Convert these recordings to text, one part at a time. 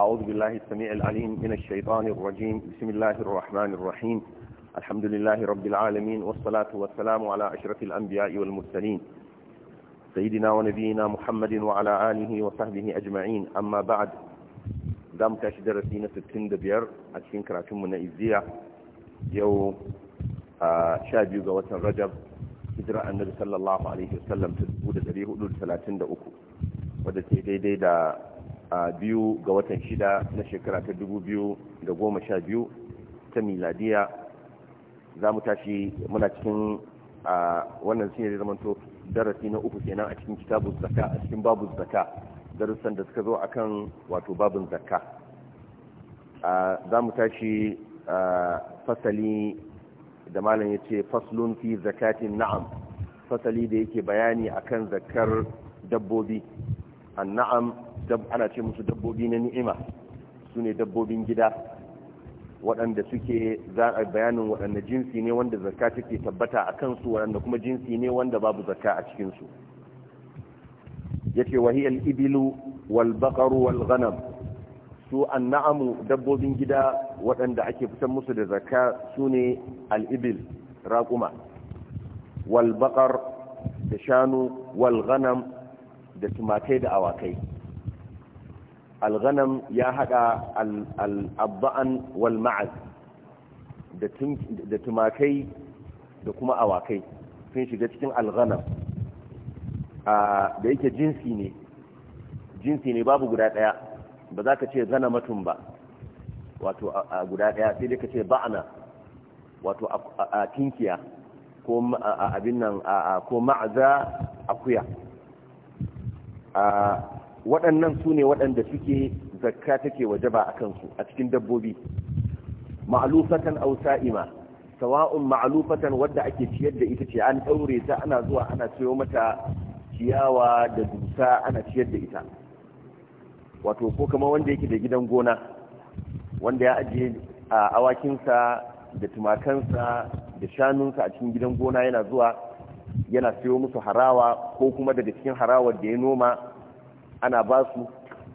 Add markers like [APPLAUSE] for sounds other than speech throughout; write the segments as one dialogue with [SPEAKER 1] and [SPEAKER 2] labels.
[SPEAKER 1] أعوذ بالله السميع العليم من الشيطان الرجيم بسم الله الرحمن الرحيم الحمد لله رب العالمين والصلاة والسلام على أشرف الأنبياء والمرسلين سيدنا ونبينا محمد وعلى آله وصحبه أجمعين أما بعد دام تشدر سينة ستين دبير كراتم من إزياء يو آه، شابي قوة رجب hijira النبي صلى الله عليه وسلم dubu da dari hudu دا أكو ودتي uku wadda ta a biyu ga watan shida na shekara ta dubu biyu da goma sha biyu ta miladiya za mu tashi muna cikin a wannan yi zai zamanto darasi na uku kenan a cikin kitabu zaka a cikin babu zaka darussan da suka zo a kan wato babun zaka za mu tashi fasali da malam ya ce faslun fi zakatin na'am fasali da yake bayani akan zakar dabbobi an na'am ana ce musu dabbobi na ni'ima su ne dabbobin gida waɗanda suke za a bayanin waɗanda jinsi ne wanda zakka take tabbata a kansu waɗanda kuma jinsi ne wanda babu zakka a cikinsu yace wahiyal ibilu wal baqaru wal su an'amu dabbobin gida waɗanda ake fitar musu da zakka su ne al'ibil raƙuma, wal da shanu wal da tumakai da awakai alghanam ya hada al-abba'an wal da tumakai da kuma awakai sun shiga cikin alghanam da yake jinsi ne jinsi ne babu guda daya ba za ka ce zana ghanamatun ba wato guda daya sai dai ka ce ba'ana wato a tinkiya ko abin nan ko ma'aza akuya waɗannan su ne waɗanda suke zakka take wajaba a kansu a cikin dabbobi ma'alufatan aw sa'ima sawa'un ma'alufatan wanda ake ciyar da ita ce an daure ta ana zuwa ana ciyo mata ciyawa da dusa ana ciyar da ita wato ko kama wanda yake da gidan gona wanda ya ajiye a awakinsa da tumakansa da shanunsa a cikin gidan gona yana zuwa yana siyo musu harawa ko kuma daga cikin harawar da ya noma ana ba su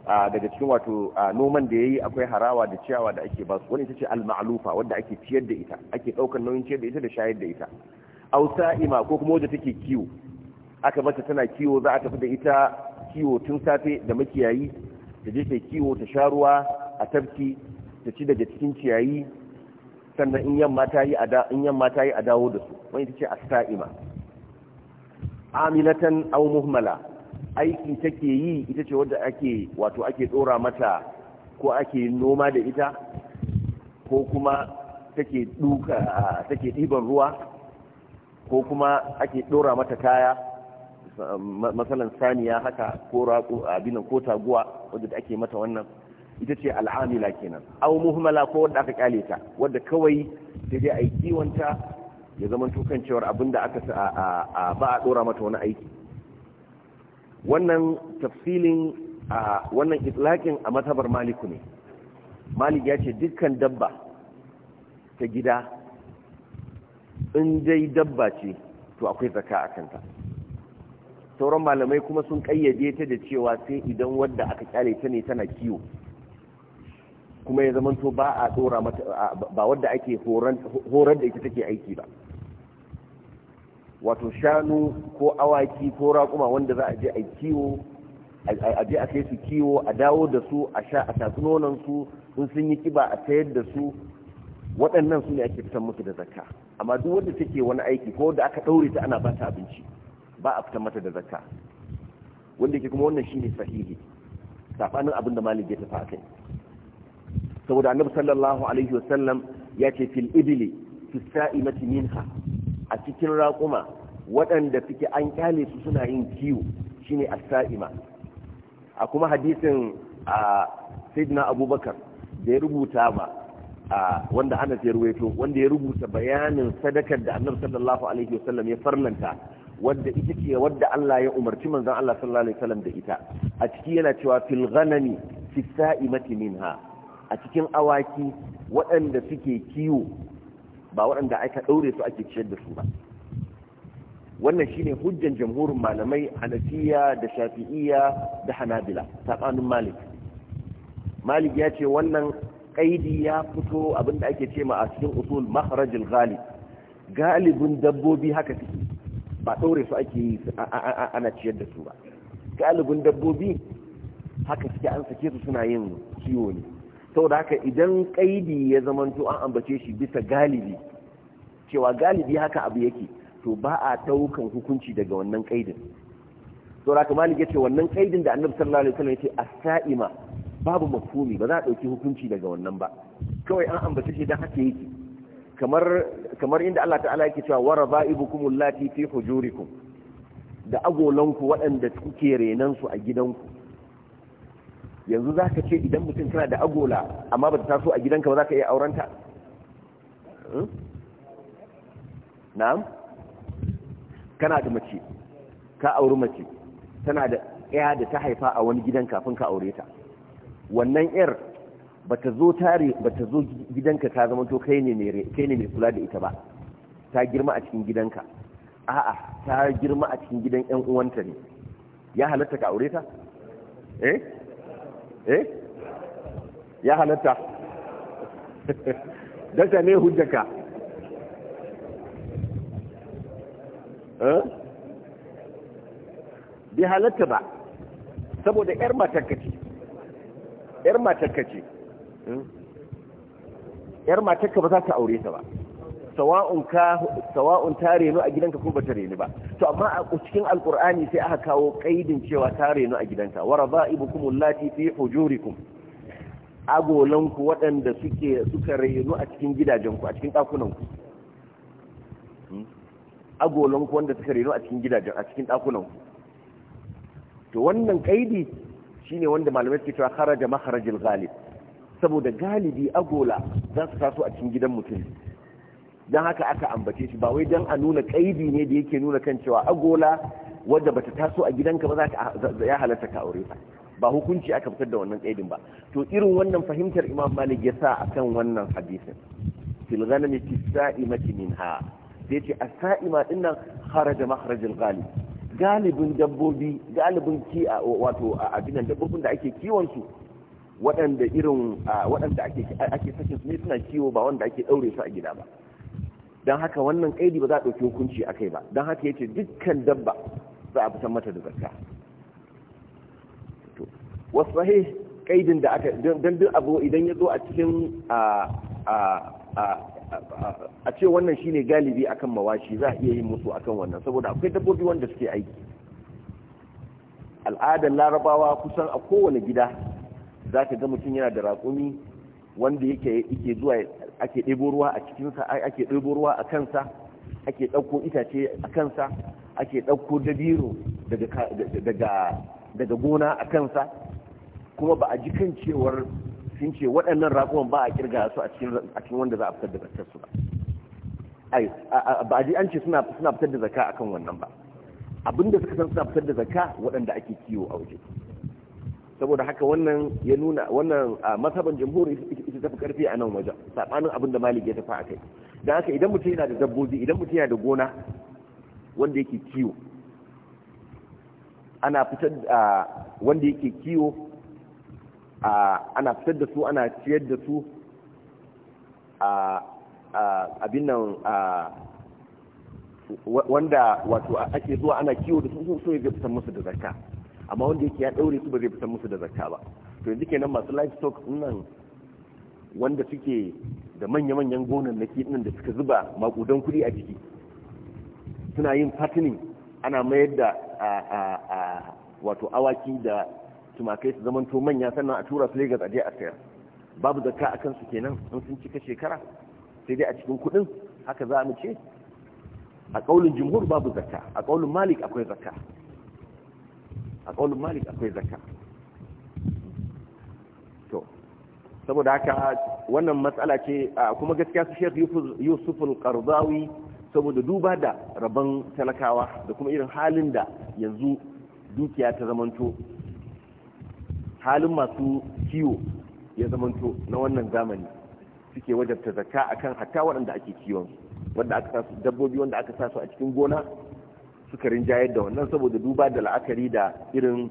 [SPEAKER 1] daga cikin wato noman da ya yi akwai harawa da ciyawa da ake ba su wani ita ce al-ma'lufa wadda ake ciyar da ita ake ɗaukar nauyin ciyar da ita da shayar da ita ausa ima ko kuma wadda take kiwo aka bata tana kiwo za a tafi da ita kiwo tun safe da makiyayi ta je kiwo ta sha ruwa a tafki ta ci daga cikin ciyayi sannan in yamma ta yi a dawo da su wani ita ce as amilatan aw muhmala aiki take yi ita ce wadda ake wato ake dora mata ko ake noma da ita ko kuma take duka take ɗiban ruwa ko kuma ake dora mata kaya matsalan saniya haka ko raƙo abinan ko taguwa wadda ake mata wannan ita ce al'amila kenan au muhimmala ko wadda aka kyale ta wadda kawai ta je a yi ya zama tukan cewar abinda aka ba a dora mata wani aiki wannan tafsilin a wannan itlaƙin a matabar maliku ne malik ya ce dukkan dabba ta gida in dai dabba ce to akwai zaka a kanta sauran malamai kuma sun ƙayyade ta da cewa sai idan wadda aka kyale ta ne tana kiwo kuma ya zamanto ba a tsora ba wadda ake horar da ita take aiki ba wato shanu ko awaki ko raƙuma wanda za a je a kiwo a je a kai su kiwo a dawo da su a sha a tatsi nonon su sun yi kiba a sayar da su waɗannan su ne ake fitan musu da zakka amma duk wanda take wani aiki ko da aka ɗaure ta ana ba ta abinci ba a fitan mata da zakka wanda ke kuma wannan shine sahihi safanin abin da malik ya tafi akai saboda annabi sallallahu alaihi wasallam ya ce fil ibli fi sa'imati minha a cikin raƙuma waɗanda suke an kyale su suna yin kiwo shine as-sa'ima a kuma hadisin a sayyidina abubakar da ya rubuta ba wanda ana ya ruwaito wanda ya rubuta bayanin sadakar da annabi sallallahu alaihi wasallam ya farlanta wadda ita ce wadda Allah ya umarci manzon Allah sallallahu alaihi wasallam da ita a ciki yana cewa fil ghanami fi sa'imati minha a cikin awaki waɗanda suke kiwo ba waɗanda aka ɗaure su ake ciyar da su ba wannan shine hujjan jamhurin malamai hanafiya da shafi'iyya da hanabila saɓanin malik malik ya ce wannan ƙaidi ya fito abinda ake ce ma a cikin usul maharajin galib galibin dabbobi haka suke ba ɗaure su ake yi ana ciyar da su ba galibin dabbobi haka suke an sake su suna yin kiwo ne Sau da haka idan kaidi ya zamanto an ambace shi bisa galibi cewa galibi haka abu yake to ba a daukan hukunci daga wannan kaidin da haka malik yake, wannan kaidin da annabi sallallahu alaihi wasallam yace as-sa'ima babu mafhumi ba za a dauki hukunci daga wannan ba kawai an ambace shi dan haka yake kamar kamar inda Allah ta'ala yake cewa warabaibukum allati fi hujurikum da agolanku waɗanda kuke renan su a gidanku yanzu za ka ce idan mutum tana da agola amma ba ta taso a gidanka ba za ka iya aurenta hmm? na'am kana da mace ka auri mace tana da ɗaya da ta haifa a wani gidan kafin ka aure ta wannan yar ba ta zo gidanka ta zama to kai ne mai kula da ita ba ta girma a cikin gidanka a'a ta girma a cikin gidan yan uwanta ne ya halatta ka aure ta eh eh ya halatta [LAUGHS] daka ne hujjaka eh? bi halatta ba saboda 'yar matakka ce 'yar matakka ce 'yar hmm? matakka ba za ta aure ta ba sawa'un ta renu a gidanka ko bata renu ba to amma a cikin alkur'ani sai aka kawo kaidin cewa ta renu a gidanka wa radha'ibukum allati fi hujurikum agolanku waɗanda suke suka renu a cikin gidajenku a cikin ɗakunanku hmm? agolanku wanda suka renu a cikin gidajen a cikin ɗakunanku to wannan kaidi shine wanda malamai suke cewa kharaja makharajil ghalib saboda galibi agola za su taso a cikin gidan mutum don haka aka ambace shi ba wai don a nuna kaidi ne da yake nuna kan cewa agola wadda bata taso a gidanka ba za ka ya halatta ka aure ta ba hukunci aka fitar da wannan kaidin ba to irin wannan fahimtar imam malik ya sa akan wannan hadisin fil ghanami fi sa'imati minha sai ce as-sa'ima dinnan kharaja makhraj ghalib galibin dabbobi galibin ki wato a abinan dabbobin da ake kiwon su waɗanda irin waɗanda ake ake sakin su ne suna kiwo ba wanda ake ɗaure su a gida ba don haka wannan kaidi ba za a ɗauki hukunci a kai ba don haka ya dukkan dabba za a fitan mata da zakka wasu sahih kaidin da aka don duk abu idan ya zo a cikin a ce wannan shine galibi akan mawashi za a iya yin musu akan wannan saboda akwai dabbobi wanda suke aiki al'adar larabawa kusan a kowane gida za ka ga mutum yana da raƙumi wanda yake yake zuwa ake ɗebo ruwa a cikinsa ake ɗebo ruwa a kansa ake ɗauko itace a kansa ake ɗauko dabiro daga gona a kansa kuma ba a ji kan cewar sun ce waɗannan raƙuman ba a ƙirga su a cikin wanda za a fitar da zakar su ba ba a ji an ce suna fitar da zaka akan wannan ba abinda suka san suna fitar da zaka waɗanda ake kiwo a waje saboda haka wannan ya nuna wannan mazhaban jamhuri ita tafi karfi a nan wajen sabanin abin da malik ya tafi a kai da haka idan mutum yana da dabbobi idan mutum yana da gona wanda yake kiwo ana fitar da wanda yake kiwo ana fitar da su ana ciyar da su abin nan wanda wato ake zuwa ana kiwo da su so ya fitar musu da zakka amma wanda yake ya daure su ba zai fitar musu da zakka ba to yanzu kenan masu livestock nan wanda suke da manya-manyan na nan da suka zuba makudan kuɗi a jiki suna yin fattening ana mayar da wato awaki da tumakai su zamanto manya sannan a tura su Lagos a je a sayar babu zakka a kansu kenan in sun cika shekara sai dai a cikin kuɗin haka za mu ce a ƙaulin jumhur babu zakka a kaulin malik akwai zakka a ƙaunin malik akwai zaka to saboda haka wannan matsala ce kuma gaskiya su shek yusuf al saboda duba da rabon talakawa da kuma irin halin da yanzu dukiya ta zamanto halin masu kiwo ya zamanto na wannan zamani suke wajabta zakka akan hatta waɗanda ake kiwon wanda aka sa dabbobi wanda aka sa su a cikin gona suka rinjayar da wannan saboda duba da la'akari da irin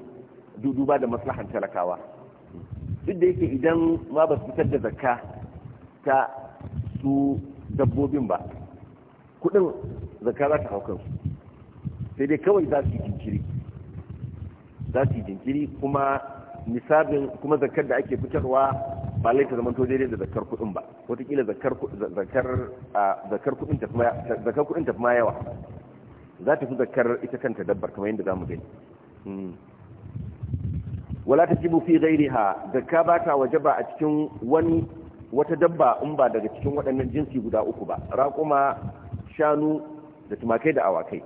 [SPEAKER 1] duba da maslahan talakawa duk da yake idan ma ba su fitar da zakka ta su dabbobin ba kudin zakka za ta haukan su sai dai kawai za su yi jinkiri za su yi jinkiri kuma misabin kuma zakkar da ake fitarwa ba laita zaman to daidai da zakkar kudin ba watakila zakkar kudin ta kuma yawa za ta fi zakar ita kanta dabbar kamar yadda za mu gani hmm. wala ta jibu fi ha, zakka ba ta waje ba a cikin wani wata dabba in ba daga cikin waɗannan jinsi guda uku ba raƙuma shanu da tumakai da awakai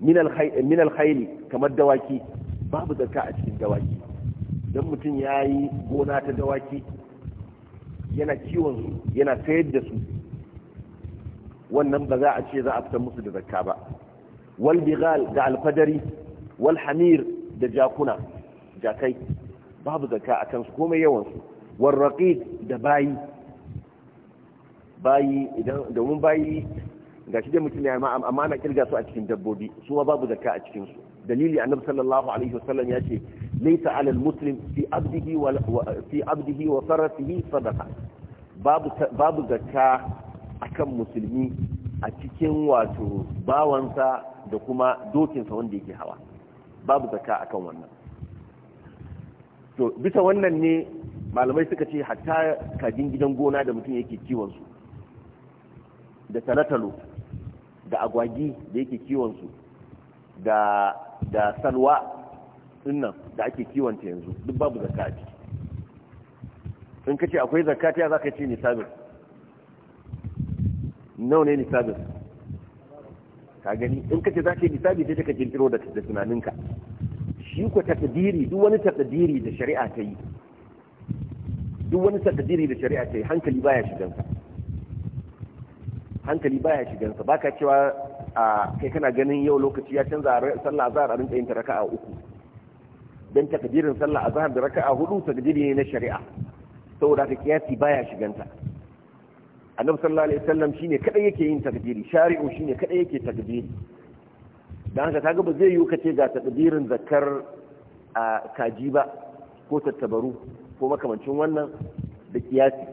[SPEAKER 1] min alhaili kamar dawaki babu zakka a cikin dawaki don mutum ya yi gona ta dawaki yana kiwon yana sayar da su wannan ba za a ce za a fitar musu da zakka ba wal bighal da alfadari wal hamir da jakuna jakai babu zakka akan su komai yawan su wal raqiq da bayi bayi idan da mun bayi ga shi da mutum ya amma ana kirga su a cikin dabbobi su ma babu zakka a cikin su dalili annabi sallallahu alaihi wasallam ya ce laysa ala almuslim fi abdihi wa fi abdihi wa saratihi sadaqa babu babu zakka akan musulmi a cikin wato bawansa da kuma dokinsa wanda yake hawa babu a akan wannan to bisa wannan ne malamai suka ce hatta kajin gidan gona da mutum yake kiwonsu da talatalo da agwagi da yake kiwonsu da salwa dinnan da ake kiwonta yanzu duk babu zakka a ciki in kace akwai zakka ta za ka ce ni sabir nawa ne nisabin ka gani in kace za ka yi nisabi sai ka kirkiro da tunaninka shi ko takdiri duk wani takdiri da shari'a ta yi duk wani takdiri da shari'a ta yi hankali baya shigansa hankali baya shigansa baka cewa a kai kana ganin yau lokaci ya canza sallah azhar a rinka yin ta raka'a uku dan takdirin sallah azhar da raka'a hudu takdiri ne na shari'a saboda ka kiyasi baya shiganta annabi sallallahu alaihi wasallam shine kadai yake yin takbiri shari'u shine kadai yake takbiri dan haka kaga ba zai yi kace ga takbirin zakar kaji ba ko tattabaru ko makamancin wannan da kiyasi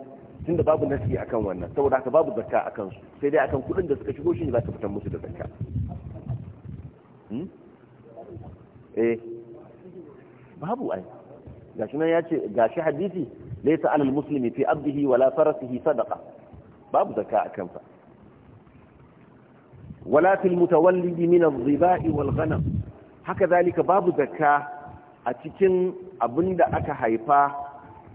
[SPEAKER 1] tunda babu nasi akan wannan saboda haka babu zakka akan su sai dai akan kudin da suka shigo shine za ka fitar musu da zakka hmm? eh babu ai gashi nan ya ce gashi hadisi laysa al muslimi fi abdihi wala farasihi sadaqa babu zakka a kansa wala fil mutawallidi min zai ba wal ghanam haka zalika babu zakka a cikin abinda aka haifa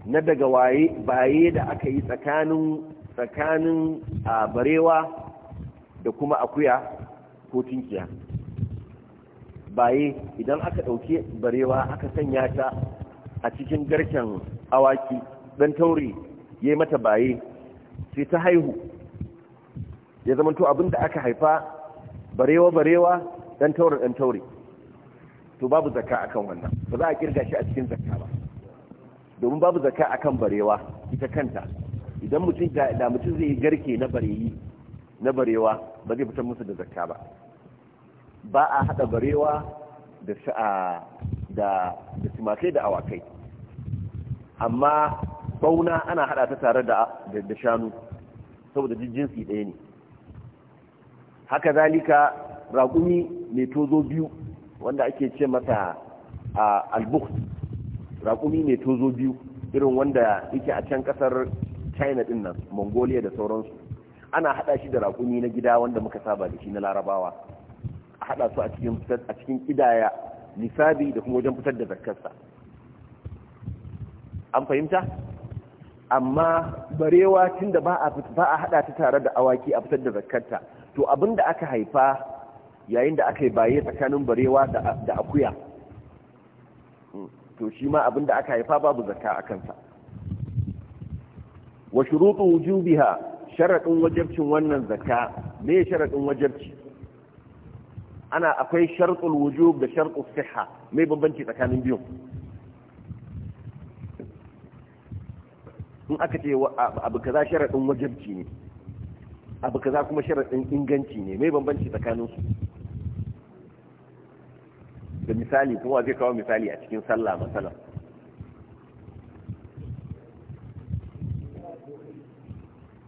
[SPEAKER 1] na daga waye baye da aka yi tsakanin tsakanin barewa da kuma akuya ko tinkiya baye idan aka ɗauki barewa aka sanya ta a cikin garken awaki don tauri yayi mata baye sai ta haihu ya zamanto abin da aka haifa barewa-barewa dan taure dan taure to babu zakka akan wannan ba za a kirga shi a cikin zakka ba domin babu zakka akan barewa ita kanta idan mutum da mutum zai garke na bareyi na barewa ba zai fitar musu da zakka ba ba a hada barewa da da da tumakai da awakai amma bauna ana hada ta tare da da shanu saboda jinsi ɗaya ne haka zalika raƙumi mai tozo biyu wanda ake ce mata albuk raƙumi mai tozo biyu irin wanda yake a can ƙasar china din nan mongolia da sauransu ana hada shi da raƙumi na gida wanda muka saba da shi na larabawa a hada su a cikin ƙidaya nisabi da kuma wajen fitar da zakarsa an fahimta amma barewa tunda ba a ba a hada ta tare da awaki a fitar da zakarta to abinda aka haifa yayin da aka yi baye tsakanin barewa da akuya mm, to shi ma abinda aka haifa babu zakka a kansa wa shurutu wujubiha sharadin wajibcin wannan zakka me sharadin wajibci ana akwai shartul wujub da shartul sihha me bambanci tsakanin biyu in aka ce abu kaza sharaɗin wajabci ne abu kaza kuma sharaɗin inganci ne mai bambanci tsakanin su da misali kuma zai kawo misali a cikin sallah matsala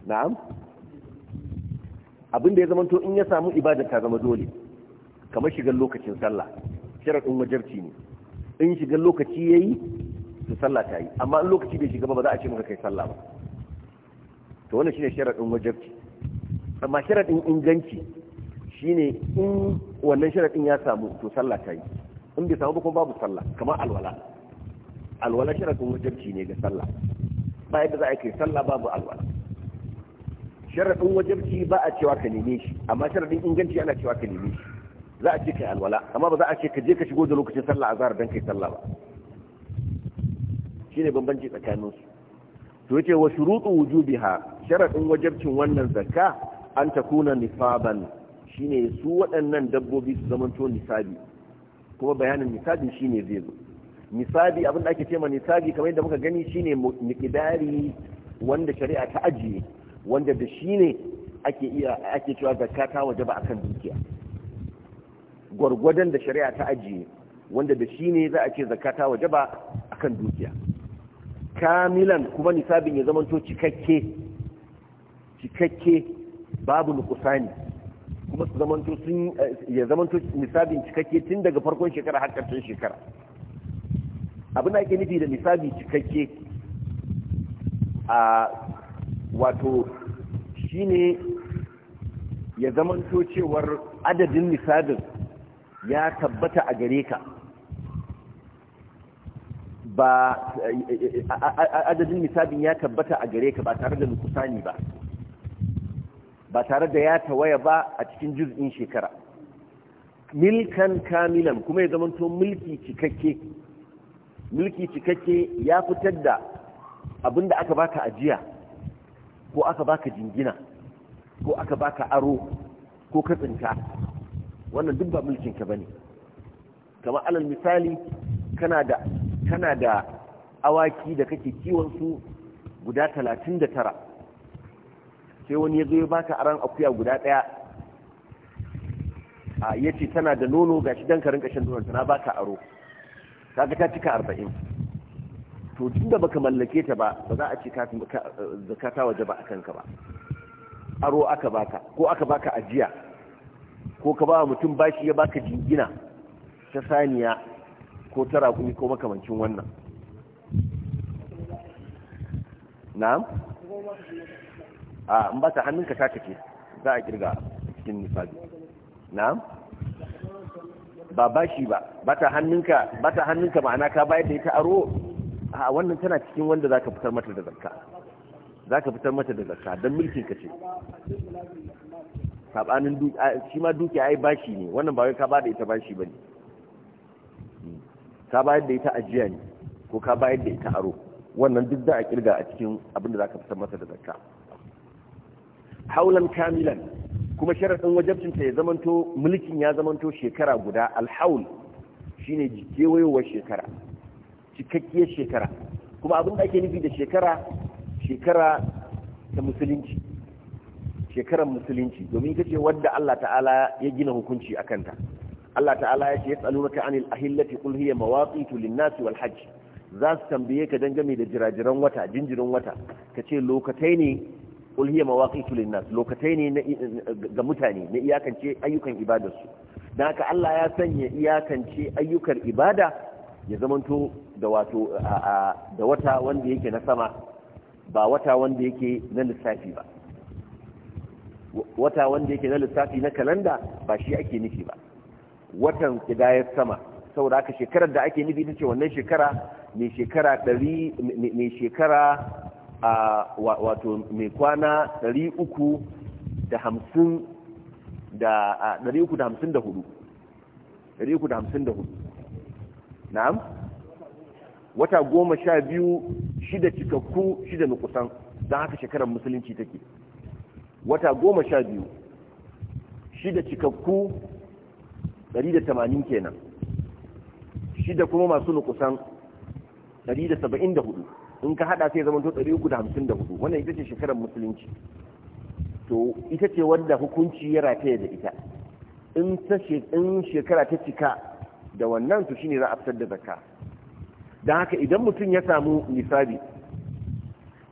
[SPEAKER 1] na'am abin da ya zama to in ya samu ibada ta zama dole kamar shigar lokacin sallah sharaɗin wajabci ne in shigar lokaci yayi sallah ta yi amma in lokaci bai shiga ba za a ce maka kai sallah ba to wannan shine sharadin wajabci amma sharadin inganci shine in wannan sharadin ya samu to sallah ta yi in bai samu ba kuma babu sallah kamar alwala alwala sharadin wajabci ne ga sallah ba yadda za a kai sallah babu alwala sharadin wajabci ba a cewa ka neme shi amma sharadin inganci ana cewa ka neme shi za a ce kai alwala amma ba za a ce ka je ka shigo da lokacin sallah azhar dan kai sallah ba shine bambanci tsakanin su to yace wa shurutu wujubiha sharadin wajibcin wannan zakka an takuna nisaban ne su waɗannan dabbobi su zamanto nisabi kuma bayanin nisabi shi ne zai zo nisabi abin da ake cewa nisabi kamar yadda muka gani shi ne miqdari wanda shari'a ta ajiye wanda da ne ake iya ake cewa zakka ta wajaba akan dukiya gwargwadon da shari'a ta ajiye wanda da shi ne za a ce zakka ta wajaba akan dukiya kamilan kuma nisabin ya zamanto cikakke cikakke babu nukusani kuma su zamanto sun eh, ya zamanto nisabin cikakke tun daga farkon shekara har ƙarshen shekara abin da ake nufi da nisabi cikakke a wato shine ya zamanto cewar adadin nisabin ya tabbata a gare ka ba adadin misabin ya tabbata a gare ka ba tare da nukusani ba ba tare da ya tawaya ba a cikin juz'in shekara milkan kamilan kuma ya zamanto mulki cikakke mulki cikakke ya fitar da abinda aka baka ajiya ko aka baka jingina ko aka baka aro ko katsinka wannan duk ba ka bane kamar alal misali kana da tana da awaki da kake kiwonsu guda talatin da tara sai wani ya zo ya baka aran akuya guda ɗaya a ya ce tana da nono ga shi don karin ƙashin nonon na baka aro kaga ta cika arba'in to tun da baka mallake ta ba ba za a ce zakata waje ba a kanka ba aro aka baka ko aka baka ajiya ko ka ba mutum bashi ya baka jingina ta saniya ko tara kuni ko makamancin wannan na'am a in ba ta hannunka ta take za a kirga cikin nisabi na'am ba bashi ba ba ta hannunka ba ta hannunka ma'ana ka bayar da ita aro a wannan tana cikin wanda za ka fitar mata da zakka za ka fitar mata da zakka don mulkin ka ce sabanin shi ma dukiya ai bashi ne wannan ba wai ka ba da ita bashi ba ne ka bayar da ita ajiya ne ko ka bayar da ita aro wannan duk za a kirga a cikin abin da za ka fitar masa da zakka haulan kamilan kuma sharaɗin wajabcinta ya zamanto mulkin ya zamanto shekara guda alhaul shine kewayowar shekara cikakkiyar shekara kuma abin da ake nufi da shekara shekara ta musulunci shekarar musulunci domin ita ce wadda Allah ta'ala ya gina hukunci a kanta Allah ta'ala ya ce ya tsalunaka anil ahillati kul hiya mawaqitu lin-nas wal hajj za su tambaye ka dangane da jirajiran wata jinjirin wata ka ce lokatai ne kul hiya mawaqitu lin-nas lokatai ne ga mutane na iyakance ayyukan ibadarsu dan haka Allah ya sanya iyakance ayyukan ibada ya zamanto da wato da wata wanda yake na sama ba wata wanda yake na lissafi ba wata wanda yake na lissafi na kalanda ba shi ake nufi ba watan kidayar sama saboda haka shekarar da ake nufi ta ce wannan shekara mai shekara ɗari mai shekara wato mai kwana ɗari uku da hamsin da ɗari uku da hamsin da hudu ɗari uku da hamsin da hudu na'am wata goma sha biyu shida cikakku shida na kusan don haka shekarar musulunci take wata goma sha biyu shida cikakku 180 kenan shida kuma masu nukusan 174 in ka hada sai da 354 wannan ita ce shekarar musulunci to ita ce wadda hukunci ya rataye da ita in shekara ta cika da wannan to shine za a fitar da zakka don haka idan mutum ya samu misali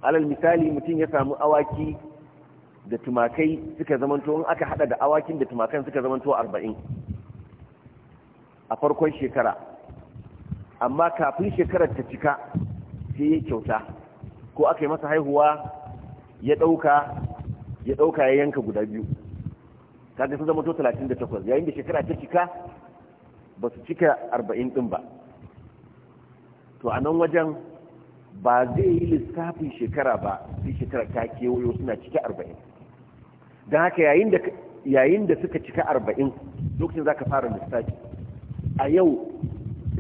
[SPEAKER 1] alal misali mutum ya samu awaki da tumakai suka zamanto in aka hada da awakin da tumakan suka zamanto arba'in a farkon shekara amma kafin shekarar ta cika sai ya kyauta ko aka yi masa haihuwa ya ɗauka ya ɗauka ya yanka guda biyu kaga sun zama to 38 yayin da shekara ta cika ba su cika 40 ɗin ba to a nan wajen ba zai yi lissafin shekara ba sai shekara ta kewayo suna cika 40 don haka yayin da suka cika 40 lokacin za ka fara lissafi a yau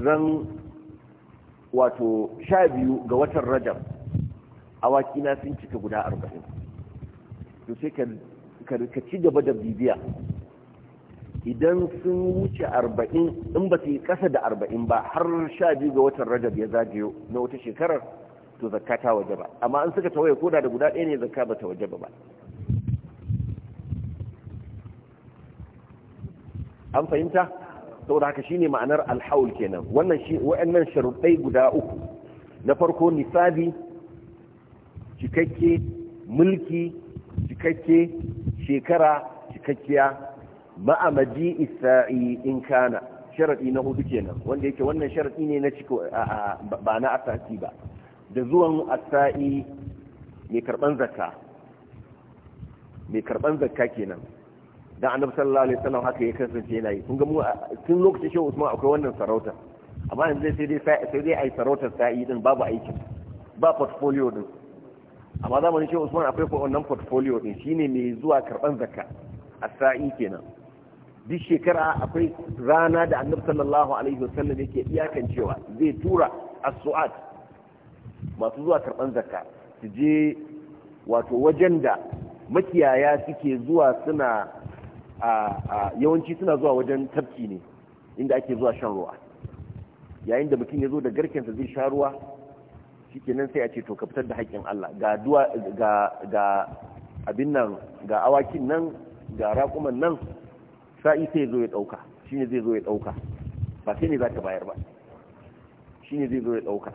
[SPEAKER 1] zan wato sha biyu ga watan rajab awakina wakina sun cika guda arba'in to sai ka ci gaba da bibiya idan sun wuce arba'in in ba su yi kasa da arba'in ba har sha biyu ga watan rajab ya zagayo na wata shekarar to zakka ta waje ba amma an suka tawaye koda da guda ɗaya ne zakka ba ta waje ba an fahimta saboda haka shine ma'anar alhaul kenan wannan shi wayannan sharuɗai guda uku na farko nisabi cikakke mulki cikakke shekara cikakkiya ma'amaji isa'i in kana sharadi na hudu kenan wanda yake wannan sharadi ne na ciko ba na asasi ba da zuwan asa'i mai karban zakka mai karban zakka kenan dan annabi sallallahu alaihi wasallam haka ya kasance yana yi kun ga mu tun lokacin shehu usman akwai wannan sarauta amma yanzu sai dai sai dai ai sarautar sa'i din babu aikin ba portfolio din amma zamanin shehu usman akwai wannan portfolio din shine mai zuwa karban zakka a sa'i kenan duk shekara akwai rana da annabi sallallahu alaihi wasallam yake iyakan cewa zai tura as-su'at masu zuwa karban zakka su je wato wajen da makiyaya suke zuwa suna yawanci suna zuwa wajen tafki ne inda ake zuwa shan ruwa yayin da mutum ya zo da garkensa zai sha ruwa nan sai a ce to ka fitar da haƙƙin Allah ga abin nan ga awakin nan ga raƙuman nan sa'i sai zo ya ɗauka shine zai zo ya ɗauka ba sai ne za ta bayar ba shine zai zo ya ɗauka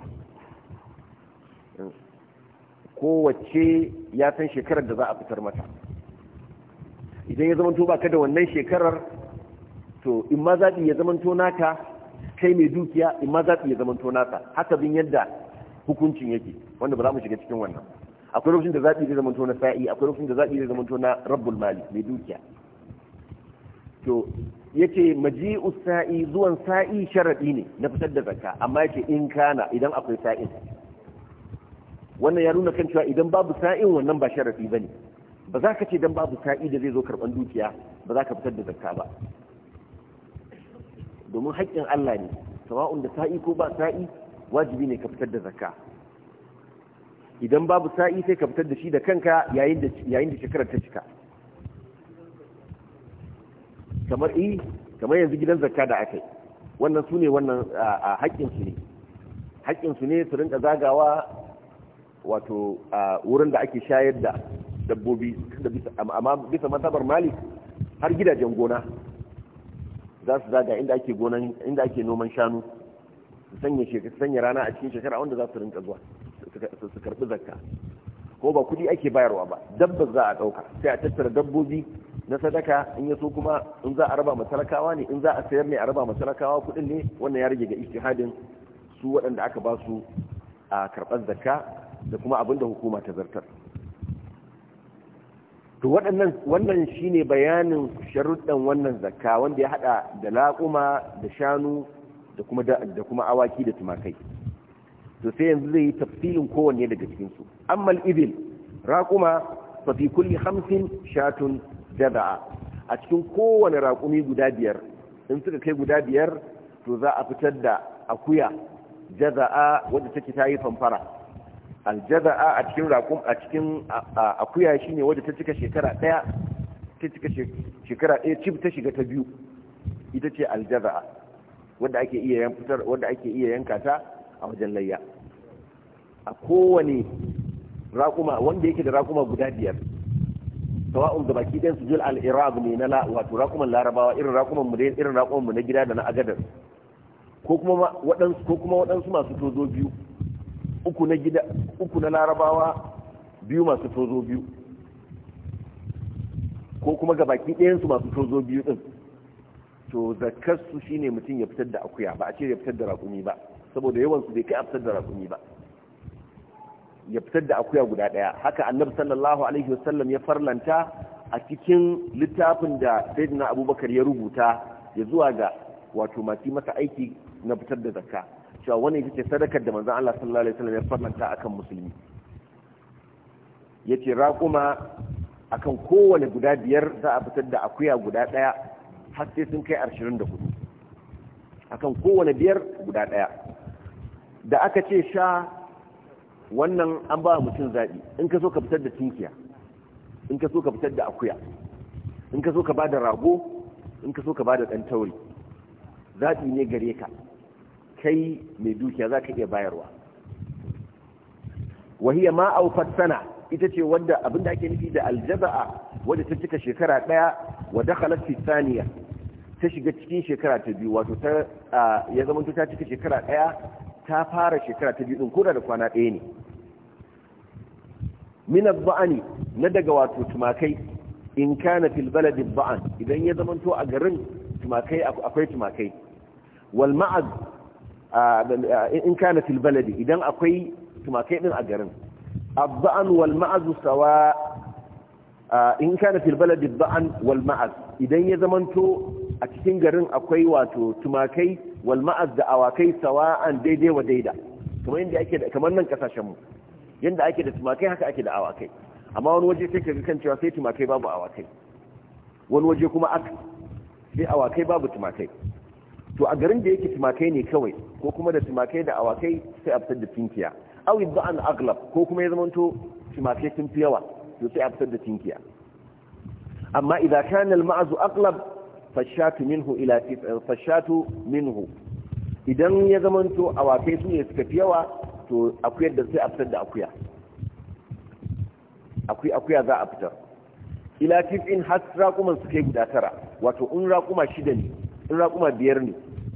[SPEAKER 1] kowace ya san shekarar da za a fitar mata idan ya zamanto baka da wannan shekarar to in ma zaɓi ya zamanto naka kai mai dukiya in ma zaɓi ya zamanto naka haka bin yadda hukuncin yake wanda ba za mu shiga cikin wannan akwai lokacin da zaɓi zai zamanto na sa'i akwai lokacin da zaɓi zai zamanto na rabbul mali mai dukiya to yake maji sa'i zuwan sa'i sharadi ne na fitar da zakka amma yake in kana idan akwai sa'in wannan ya nuna kan cewa idan babu sa'in wannan ba sharadi bane ba za ka ce don babu sa'i da zai zo karɓar dukiya ba za ka fitar da zakka ba domin haƙƙin Allah ne sawa'un da sa'i ko ba sa'i wajibi ne ka fitar da zakka idan babu sa'i sai ka fitar da shi da kanka yayin da yayin da shekarar ta cika kamar eh kamar yanzu gidan zakka da aka yi wannan su ne wannan haƙƙin su ne haƙƙin su ne su rinka zagawa wato wurin da ake shayar da dabbobi amma bisa matabar malik har gidajen gona za su zaga inda ake gonan inda ake noman shanu su sanya sanya rana a cikin shekara wanda za su rinka zuwa su karbi zakka ko ba kudi ake bayarwa ba dabba za a dauka sai a tattara dabbobi na sadaka in yaso kuma in za a raba matalakawa ne in za a sayar ne a raba talakawa kudin ne wannan ya rage ga ijtihadin su waɗanda aka ba su a karɓar zakka da kuma abin da hukuma ta zartar to waɗannan wannan shine bayanin sharuɗan wannan zakka wanda ya hada da laƙuma da shanu da kuma da kuma awaki da tumakai to sai yanzu zai yi tafsilin kowanne daga cikin su ammal ibil raquma fa fi kulli khamsin shatun jada'a a cikin kowane raƙumi guda biyar in suka kai guda biyar to za a fitar da akuya jaza'a wanda take ta yi famfara aljaza'a a cikin rakum a cikin akuya shine wadda ta cika shekara daya ta cika shekara daya cib ta shiga ta biyu ita ce aljaza'a wadda ake iya yankutar wadda ake iya yanka ta a wajen layya a kowane rakuma wanda yake da rakuma guda biyar sawa'un da baki ɗayan sujul al-iraq ne na wato rakuman larabawa irin rakuman mu irin rakuman mu na gida da na agadar ko kuma waɗansu ko kuma waɗansu masu tozo biyu uku na gida uku na larabawa biyu masu tozo biyu ko kuma ga baki ɗayansu masu tozo biyu ɗin to zakarsu shine mutum ya fitar da akuya ba a ce ya fitar da raƙumi ba saboda yawansu bai kai a fitar da raƙumi ba ya fitar da akuya guda ɗaya haka annabi sallallahu alaihi wasallam ya farlanta a cikin littafin da sayyidina abubakar ya rubuta ya zuwa ga wato masu masa aiki na fitar da zakka cewa wani ita ce sadakar da manzan Allah sallallahu alaihi wasallam ya farlanta akan musulmi yace raquma akan kowane guda biyar za a fitar da akuya guda daya har sai sun kai 24 akan kowane biyar guda daya da aka ce sha wannan an ba mutum zabi in ka so ka fitar da tinkiya in ka so ka fitar da akuya in ka so ka bada rago in ka so ka bada dan tauri zabi ne gare ka kai mai dukiya za ka iya bayarwa wahiyya ma aufat sana ita ce wadda abinda ake nufi da aljaba'a wadda ta cika shekara ɗaya wa dakhalat fi ta shiga cikin shekara ta biyu wato ta ya zama ta cika shekara ɗaya ta fara shekara ta biyu din koda da kwana ɗaya ne min ba'ani na daga wato tumakai in kana fil baladi ba'an idan ya zama to a garin tumakai akwai tumakai wal ma'az in kana fil idan akwai tumakai din a garin abba'an wal ma'azu sawa in kana fil baladi ba'an wal ma'az idan ya zamanto a cikin garin akwai wato tumakai wal ma'az da awakai sawa'an daidai wa daida kamar yadda ake da kamar nan kasashen mu yanda ake da tumakai haka ake da awakai amma wani waje sai kaga kan cewa sai tumakai babu awakai wani waje kuma aka sai awakai babu tumakai to a garin da yake tumakai ne kawai ko kuma da tumakai da awakai sai a fitar da tinkiya aw an aglab ko kuma ya to tumakai sun fi yawa to sai a fitar da tinkiya amma idan kana al-ma'zu aglab fashatu minhu ila fashatu minhu idan ya to awakai su ne suka fi yawa to akuyar da sai a fitar da akuya akuya akuya za a fitar ila tifin har kuma suka yi guda tara wato in raquma shida ne in raquma biyar ne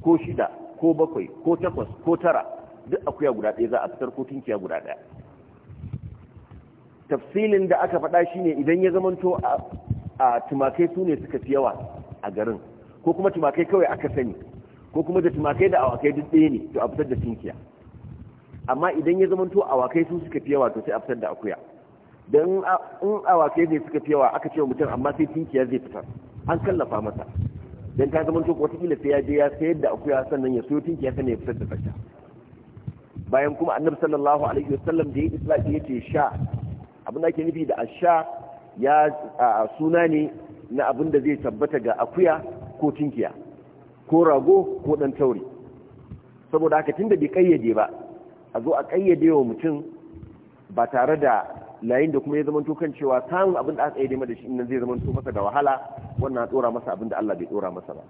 [SPEAKER 1] ko shida ko bakwai ko takwas ko tara duk akuya guda ɗaya za a fitar ko tunkiya guda ɗaya tafsilin da aka faɗa shine idan ya zamanto a tumakai su ne suka fi yawa a garin ko kuma tumakai kawai aka sani ko kuma da tumakai da awakai duk ɗaya ne to a fitar da tunkiya amma idan ya zamanto awakai su suka fi yawa to sai a fitar da akuya don in awakai ne suka fi yawa aka ce wa mutum amma sai tunkiya zai fitar an kallafa masa dan ta zama cikin wata sai ya je ya sayar da akuya sannan ya soyo tinki ya sannan ya fitar da fata bayan kuma annabi sallallahu alaihi wasallam da ya islaki yake sha abin da ake nufi da asha ya suna ne na abin da zai tabbata ga akuya ko tinkiya ko rago ko dan tauri saboda haka tunda bai kayyade ba a zo a kayyade wa mutum ba tare da layin da kuma ya zama kan cewa samun abin da aka yi da shi inda zai zama to masa da wahala wannan a dora masa abin da Allah bai tsora masa ba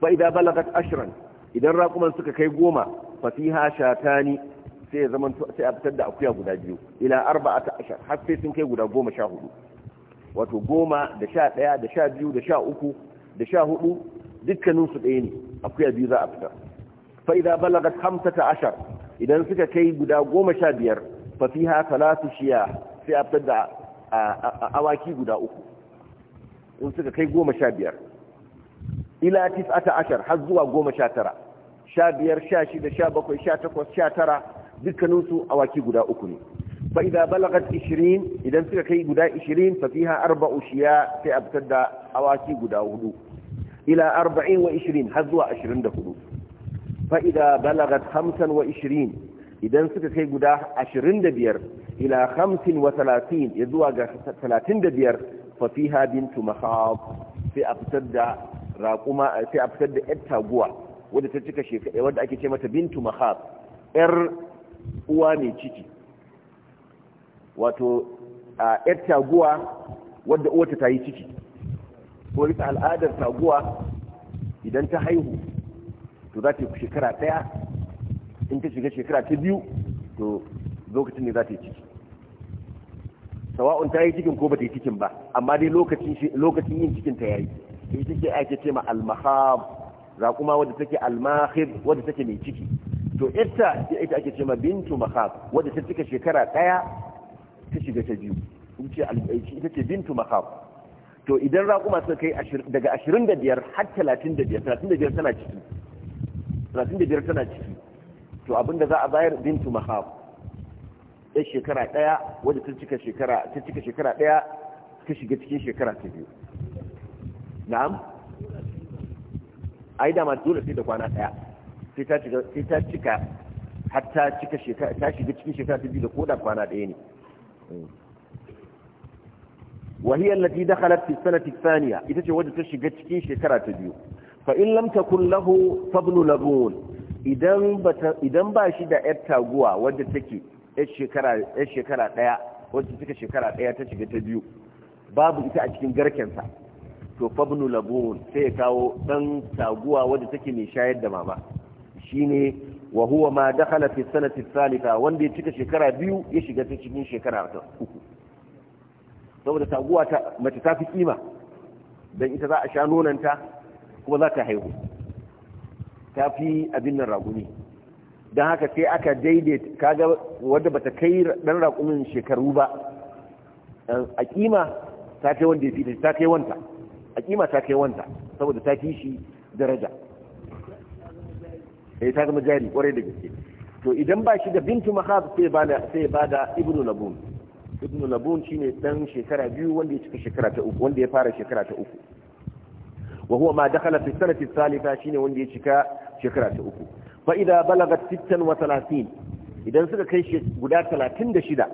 [SPEAKER 1] fa idza balagat ashran idan raƙuman suka kai goma fa fiha shatani sai ya zama sai a fitar da akuya guda biyu ila arba'ata ashar har sai sun kai guda goma sha hudu wato goma da sha ɗaya da sha biyu da sha uku da sha hudu dukkanin su ɗaya ne akuya biyu za a fitar fa idza balagat hamsata ashar idan suka kai guda goma sha biyar fa fiha thalathu shiya sai a fitar da awaki guda uku in suka kai goma sha biyar ila ata ashar har zuwa goma sha tara sha biyar sha shida sha bakwai sha takwas sha tara dukkaninsu awaki guda uku ne fa idza balagat 20 idan suka kai guda ishirin fa fiha arba'u shiya sai abtar da awaki guda hudu ila arba'in wa ishirin har zuwa ashirin da 24 fa idza balagat ishirin. idan suka kai guda 25 ila 35 ya zuwa ga 35 fa fiha bintu mahab sai a fitar da raquma sai a fitar da yar taguwa wadda ta cika shekara wadda ake ce mata bintu mahab yar uwa mai ciki wato yar taguwa wadda uwarta ta yi ciki ko rika al'adar taguwa idan ta haihu to za ta yi shekara ɗaya in ta shiga shekara ta biyu to lokacin ne za ta yi ciki sawa'un ta yi cikin ko ba ta yi cikin ba amma dai lokacin yin cikin ta yayi ta yi ake ce ma almahab raƙuma wadda take almahib wadda take mai ciki to ita ita ake ce ma bintu mahab wadda ta cika shekara ɗaya ta shiga ta biyu ita ce bintu mahab to idan raƙuma sun kai daga 25 har 35 35 tana ciki 35 tana ciki to abinda za a bayar bintu mahab ya shekara daya wadda ta cika shekara ta cika shekara daya ta shiga cikin shekara ta biyu na'am ai da ma dole sai da kwana daya sai ta cika sai ta cika har ta cika shekara ta shiga cikin shekara ta biyu da koda kwana daya ne وهي التي دخلت في السنة الثانية إذا وجدت شقت كي شكرة تجيو فإن لم تكن له فضل لبون idan ba shi da yar taguwa wadda take yar shekara daya wadda suka shekara daya ta shiga ta biyu babu ita a cikin garkensa to fabnu labun sai ya kawo dan taguwa wadda take mai shayar da mama shine wa huwa ma dakhala fi sanati thalitha wanda ya cika shekara biyu ya shiga ta cikin shekara ta uku saboda taguwa ta mace ta fi kima dan ita za a sha nonanta kuma za ta haihu ta fi abin nan raguni don haka sai aka daidaita kaga wadda bata kai dan rakumin shekaru ba a kima ta kai wanda ya fi ta kai wanta a kima ta kai wanta saboda ta fi shi daraja sai eh, ta zama jari kwarai da gaske to idan ba shi da bintu mahab sai ba da sai ba da ibnu labun ibnu labun shine dan shekara biyu wanda ya cika shekara ta uku wanda ya fara shekara ta uku wa huwa ma dakhala fi sanati shine wanda ya cika shekara ta uku fa balaga balagat 36 idan suka kai guda 36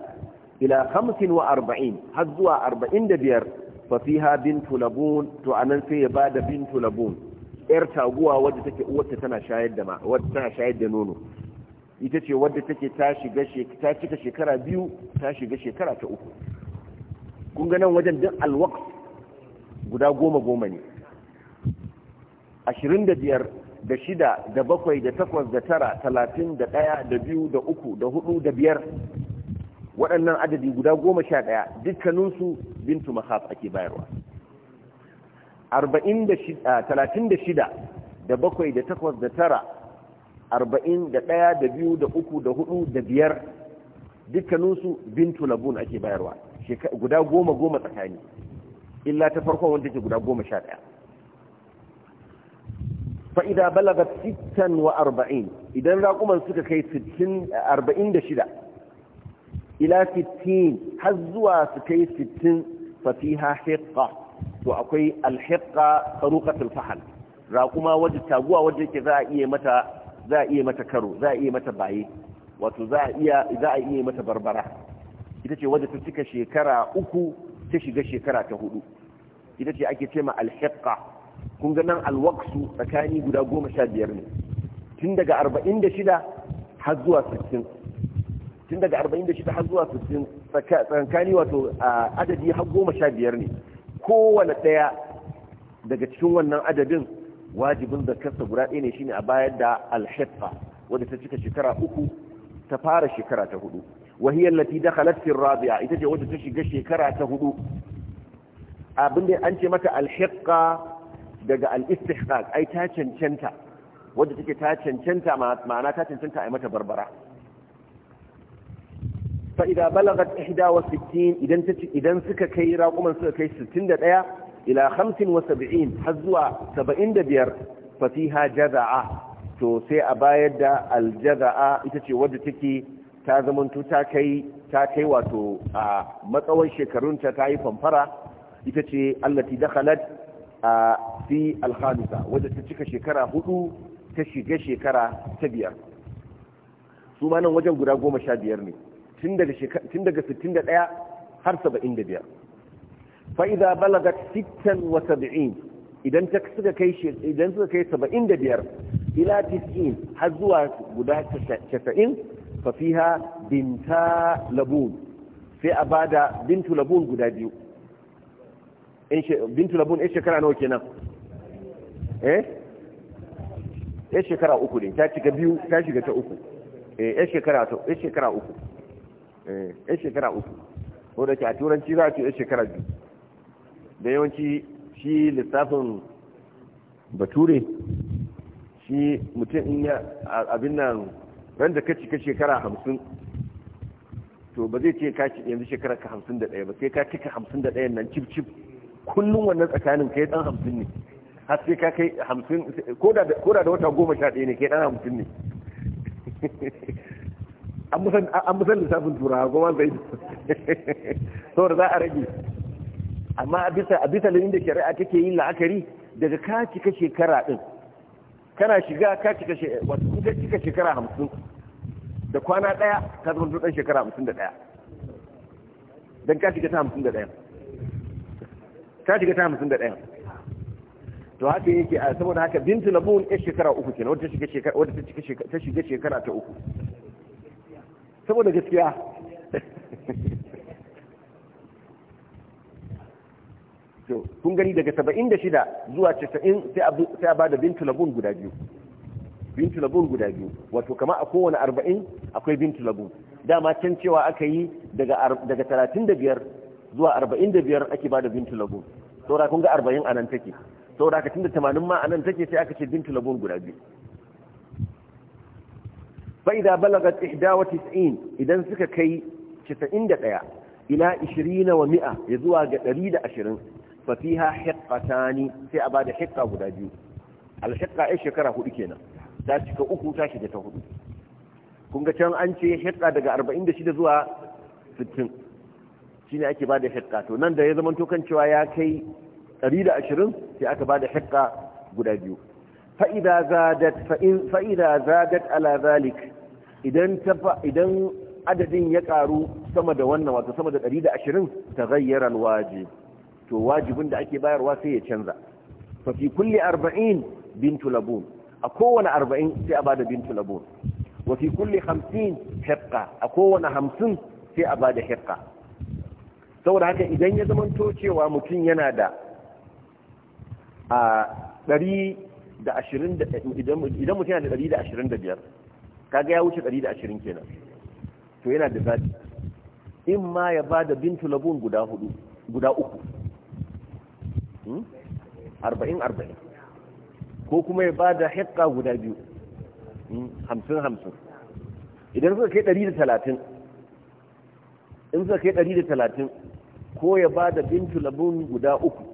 [SPEAKER 1] ila 45 har zuwa 45 fa fiha bintu labun to anan sai ya bada bintu labun yar taguwa wadda take uwarta tana shayar da ma wadda tana shayar da nono ita ce wadda take ta shiga ta cika shekara biyu ta shiga shekara ta uku kun ga nan wajen duk alwaqt guda goma goma ne ashirin da biyar da shida da bakwai da takwas da tara talatin da ɗaya da biyu da uku da hudu da biyar waɗannan adadi guda goma sha ɗaya dukkaninsu bintu mahaf ake bayarwa talatin da shida da bakwai da takwas da tara arba'in da ɗaya da biyu da uku da hudu da biyar dukkaninsu bintu labun ake bayarwa guda goma goma tsakani illa ta farkon wanda ke guda goma sha ɗaya fa'ida balagat sittan wa arba'in idan raƙuman suka kai sittin arba'in da shida ila sittin har zuwa su kai sittin fasiha hiqqa to akwai alhiqqa tsarukatul fahal raƙuma waje taguwa waje ke za a iya mata za a iya mata karo za a iya mata baye wato za a iya za a iya mata barbara ita ce waje ta cika shekara uku ta shiga shekara ta hudu ita ce ake ce ma alhiqqa kun ga nan alwaksu tsakani guda goma sha biyar ne tun daga arba'in da shida har zuwa sittin tun daga arba'in da shida har zuwa sittin tsakani wato adadi har goma sha biyar ne kowane ɗaya daga cikin wannan adadin wajibin da kasa guda ɗaya ne shine a bayar da alhifa wadda ta cika shekara uku ta fara shekara ta hudu wahiyar lati dakhalat fi rabi'a ita ce wadda ta shiga shekara ta hudu abin da an ce mata alhiqa daga al-istihqaq ai ta cancanta wadda take ta cancanta ma'ana ta cancanta ai mata barbara fa idza balagat 61 idan ta idan suka kai raquman suka kai 61 ila 75 har zuwa 75 fa fiha jaza'a to sai a bayar da al ita ce wadda take ta zamantu ta kai ta kai wato a matsawon shekarunta ta yi famfara ita ce allati dakhalat a fi alhamisa wadda ta cika shekara hudu ta shiga shekara ta biyar su ma nan wajen guda goma sha biyar ne tun daga sittin da ɗaya har saba'in da biyar fa'iza balagat sittan wa saba'in idan ta suka kai idan suka kai saba'in da biyar ila tis'in har zuwa guda casa'in fa fiha binta labun sai a bada bintu labun guda biyu bintu labun ya shekara nawa kenan eh ya shekara uku ne ta shiga biyu ta shiga ta uku eh ya shekara ta ya shekara uku eh ya shekara uku ko da ke a turanci za a ce ya shekara biyu da yawanci shi lissafin bature shi mutum in ya abin nan ran da ka cika shekara hamsin to ba zai ce ka yanzu shekara ka hamsin da ɗaya ba sai ka cika hamsin da ɗayan nan cif cif kullum wannan tsakanin kai dan hamsin ne har sai ka kai hamsin ko da da wata goma sha ɗaya ne kai dan hamsin ne an musan lissafin turawa goma zai da za a rage amma a bisa lalin da shari'a take yin la'akari daga ka cika shekara ɗin kana shiga ka cika wata cika shekara hamsin da kwana ɗaya ka zama ɗan shekara hamsin da ɗaya don ka cika ta hamsin da ɗaya ta shiga ta hamsin da ɗaya to haka yake a saboda haka bintu labun ya shekara uku kenan wadda ta shiga shekara ta uku saboda gaskiya [LAUGHS] to kun gani daga saba'in da shida zuwa casa'in sai a bada bintu labun guda biyu bintu labun guda biyu wato kama a kowane arba'in akwai bintu labun dama can cewa aka yi daga talatin da biyar zuwa arba'in da biyar ake bada bintu lagun saboda kun ga a anan take saboda haka da tamanin ma anan take sai aka ce bintu lagun guda biyu fa balaga ihdawa 91 idan suka kai 91 ila 20 wa 100 ya zuwa ga 120 fa fiha hiqqatani sai a bada hiqqa guda biyu al hiqqa ai shekara hudu kenan ta cika uku ta shiga ta hudu kun ga can an ce hiqqa daga 46 zuwa sittin. Shin ake bada hiqqa to nan da ya zama to cewa ya kai 120 sai aka da hiqqa guda biyu Fa'ida zagat ala zalik idan adadin ya karu sama da wannan wato sama da 120 taghayyara alwajib to wajibin da ake bayarwa sai ya canza fa kulle kulli 40 bintu labun a kowane 40 sai a da bintu labun wa fi 50 hiqqa a kowane 50 sai a bada hiqqa saboda haka idan ya zama cewa mutum yana da a ɗari da ashirin idan mutum yana da ɗari da ashirin da biyar kaga ya wuce ɗari da ashirin kenan to yana da zaɓi in ma ya ba da bintu labun guda hudu guda uku hmm, arba'in arba'in ko kuma ya ba da hekka guda biyu hmm, hamsin hamsin idan suka kai ɗari da talatin in suka kai ɗari da talatin ko ya ba da bintu labun guda uku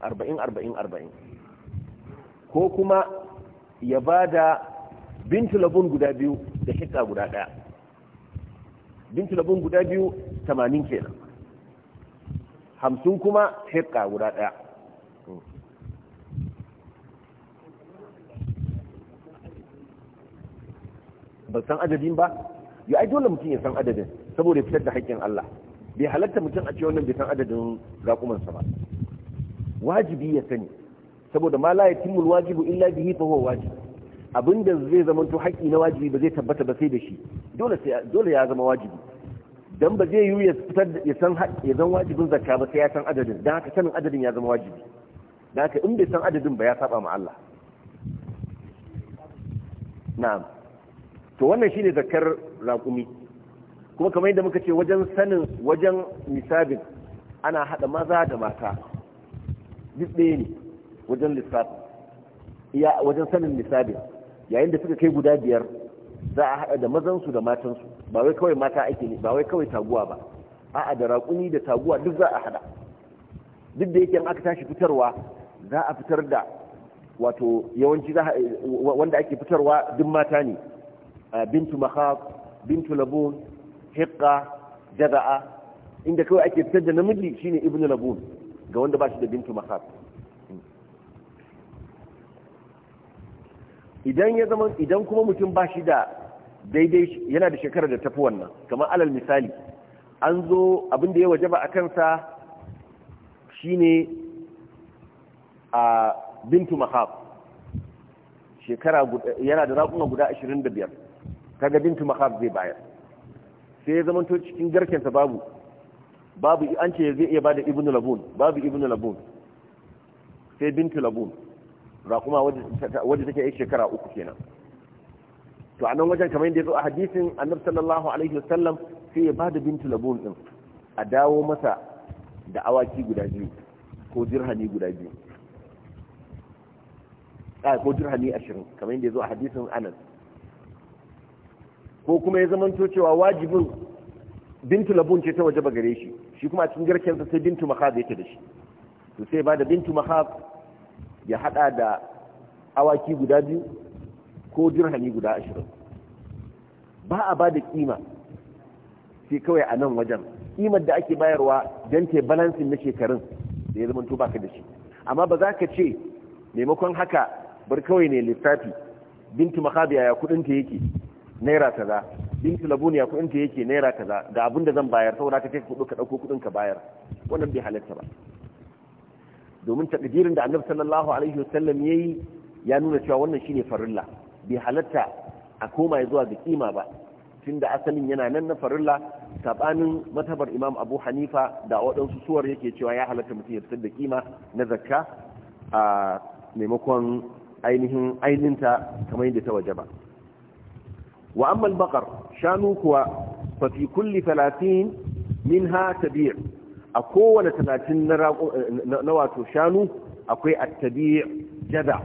[SPEAKER 1] arba'in arba'in arba'in ko kuma ya ba da bintu labun guda biyu da shakka guda ɗaya bintu labun guda biyu tamanin kenan hamsin kuma shakka guda ɗaya ba san adadin ba yi ai dole mutum ya san adadin saboda fitar da haƙƙin Allah bai halatta mutum a ce wannan bai san adadin raƙumansa ba wajibi ya sani saboda ma la yatimul wajibu illa bihi fa huwa wajib abinda zai zama to haƙi na wajibi ba zai tabbata ba sai da shi dole sai dole ya zama wajibi dan ba zai yiwu ya fitar ya san ya zan wajibin zakka ba sai ya san adadin dan haka sanin adadin ya zama wajibi dan haka in bai san adadin ba ya saba ma Allah na'am to wannan shine zakkar raƙumi kuma kamar yadda muka ce wajen sanin wajen misabin ana hada maza da mata duk ɗaya ne wajen lissafi iya wajen sanin misabin yayin da suka kai guda biyar za a hada da mazansu da matansu ba wai kawai mata ake ne ba wai kawai taguwa ba a'a da raƙuni da taguwa duk za a hada duk da yake aka tashi fitarwa za a fitar da wato yawanci wanda ake fitarwa duk mata ne ah, bintu mahaf bintu labun hiqqa jaza'a inda kawai ake fitar da namiji shine ibnu labun ga wanda ba shi da bintu mahar idan ya zama idan kuma mutum ba shi da daidai yana da shekara da tafi wannan kamar alal misali an zo abin da ya wajaba a kansa shine a bintu mahab shekara yana da raƙuma guda 25 kaga bintu mahab zai bayar sai ya zama cikin garkensa babu babu an ce zai iya bada ibnu labun babu ibnu labun sai bintu labun kuma waje take yi shekara uku kenan to a nan wajen kamar yadda ya zo a hadisin annabi sallallahu alaihi wasallam sai ya bada bintu labun din a dawo masa da awaki guda biyu ko dirhami guda biyu ko dirhami ashirin kamar yadda ya zo a hadisin anas ko kuma ya zamanto cewa wajibin bintu labun ce ta waje ba gare shi shi kuma a cikin garkensa sai bintu mahab yake da shi to sai ba da bintu mahab ya hada da awaki guda biyu ko dirhami guda ashirin ba a ba da kima sai kawai a nan wajen kimar da ake bayarwa don ta balansin na shekarun da ya zama to baka da shi amma ba za ka ce maimakon haka bar kawai ne lissafi bintu mahabiya ya kudin ta yake naira kaza bintu labuniya kuɗin ta yake naira kaza ga abin da zan bayar saboda ka kai kuɗi ka ɗauko kuɗin ka bayar wannan bai halatta ba domin takdirin da annabi sallallahu alaihi wasallam yayi ya nuna cewa wannan shine farilla bai halarta a koma zuwa ga kima ba tunda asalin yana nan na farilla sabanin matabar imam abu hanifa da waɗansu suwar yake cewa ya halarta mutum ya fitar da kima na zakka a maimakon ainihin ta kamar yadda ta waje ba wa bakar shanu kuwa fa fi kulli 30 minha tabi' a kowane 30 na wato shanu akwai at-tabi' jada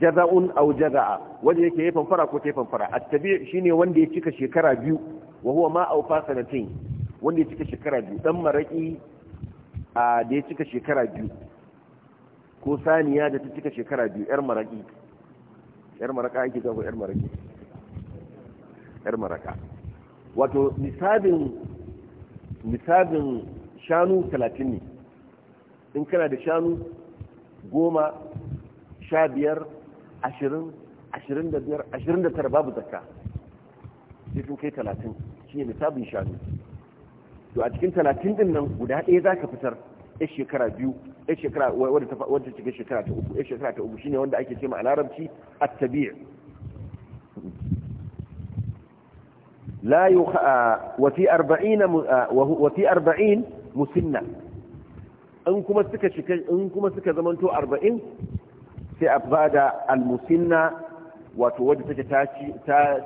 [SPEAKER 1] jaza'un aw jaza'a wanda yake yayin fanfara ko tayin fanfara at-tabi' shine wanda ya cika shekara biyu wa huwa ma awfa sanatain wanda ya cika shekara biyu dan maraki a ya cika shekara biyu ko saniya da ta cika shekara biyu yar maraka wato misabin nisabin shanu talatin ne in kana da shanu goma sha biyar ashirin da babu zakka sai sun kai talatin shi ne shanu to a cikin talatin din nan guda ɗaya zaka fitar ya shekara biyu ya shekara wadda ta cike shekara ta uku ya shekara shine wanda ake ce ma a larabci at لا يخ... وفي أربعين م... وفي أربعين مسنة إن كما سكا شك... إن كما سكا زمنتو أربعين سأبعد المسنة وتود تكتاشي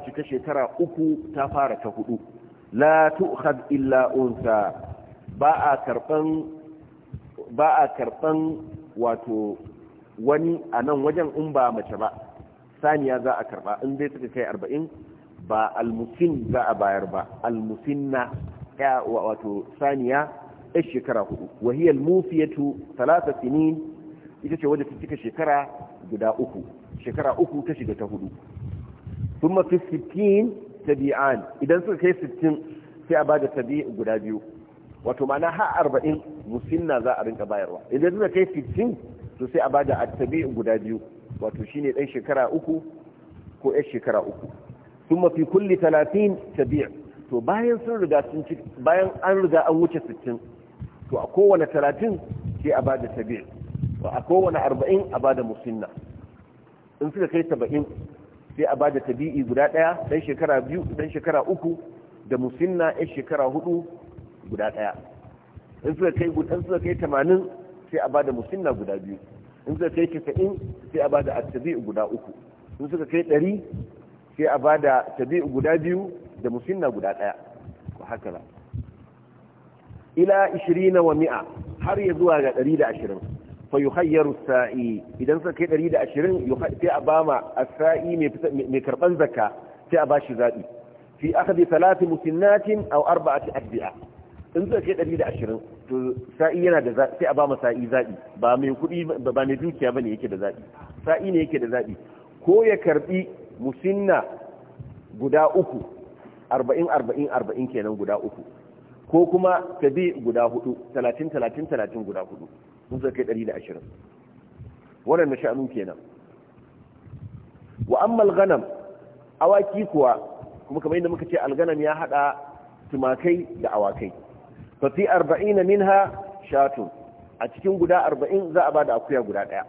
[SPEAKER 1] تكشي ترى أكو تفارة هدو لا تؤخذ إلا أنثى باء كربان باء كربان وتو wani a nan wajen in ba mace ba saniya za a karba in dai suka kai arba'in ba almusin za a bayar ba almufin-na ya wato saniya ya shekara hudu wahiyar mufiyatu talata sinin ita ce wadda ta cika shekara guda uku shekara uku ta shiga ta hudu sun mafi sittin tabi'an idan suka kai sittin sai a ba da tabi guda biyu wato ma'ana har arba'in musinna za a rinka bayarwa idan suka kai sittin to sai a ba da tabi guda biyu wato shine ɗan shekara uku ko yar shekara uku ثم في كل ta تبيع to bayan an riga an wuce 60 to a kowane 30 sai a bada tabi to a kowane 40 a bada musinna in suka kai 70 sai a bada tabi'i guda daya dan shekara biyu dan shekara uku da musinna yan shekara hudu guda daya in suka kai gudan sai a bada musinna guda biyu in suka kai 90 sai a bada at guda uku in suka kai 100 sai a bada tabi'u guda biyu da musinna guda daya haka la ila 20 wa mi'a har ya zuwa ga 120 fa yukhayyaru sa'i idan sai kai 120 sai a bama as-sa'i mai karban zakka sai a bashi zabi fi akhdhi thalath musinnatin aw arba'ati adbi'a in zai kai 120 to sa'i yana da sai a bama sa'i zabi ba mai kudi ba mai dukiya bane yake da zabi sa'i ne yake da zabi ko ya karbi musinna guda uku arba'in arba'in arba'in kenan guda uku ko kuma tabi guda hudu talatin talatin talatin guda hudu sun zai kai ɗari da ashirin wannan na sha'anun kenan wa ammal ganam awaki kuwa kuma kamar yadda muka ce alganam ya haɗa tumakai da awakai fafi fi arba'ina minha shatun a cikin guda arba'in za a ba da akuya guda ɗaya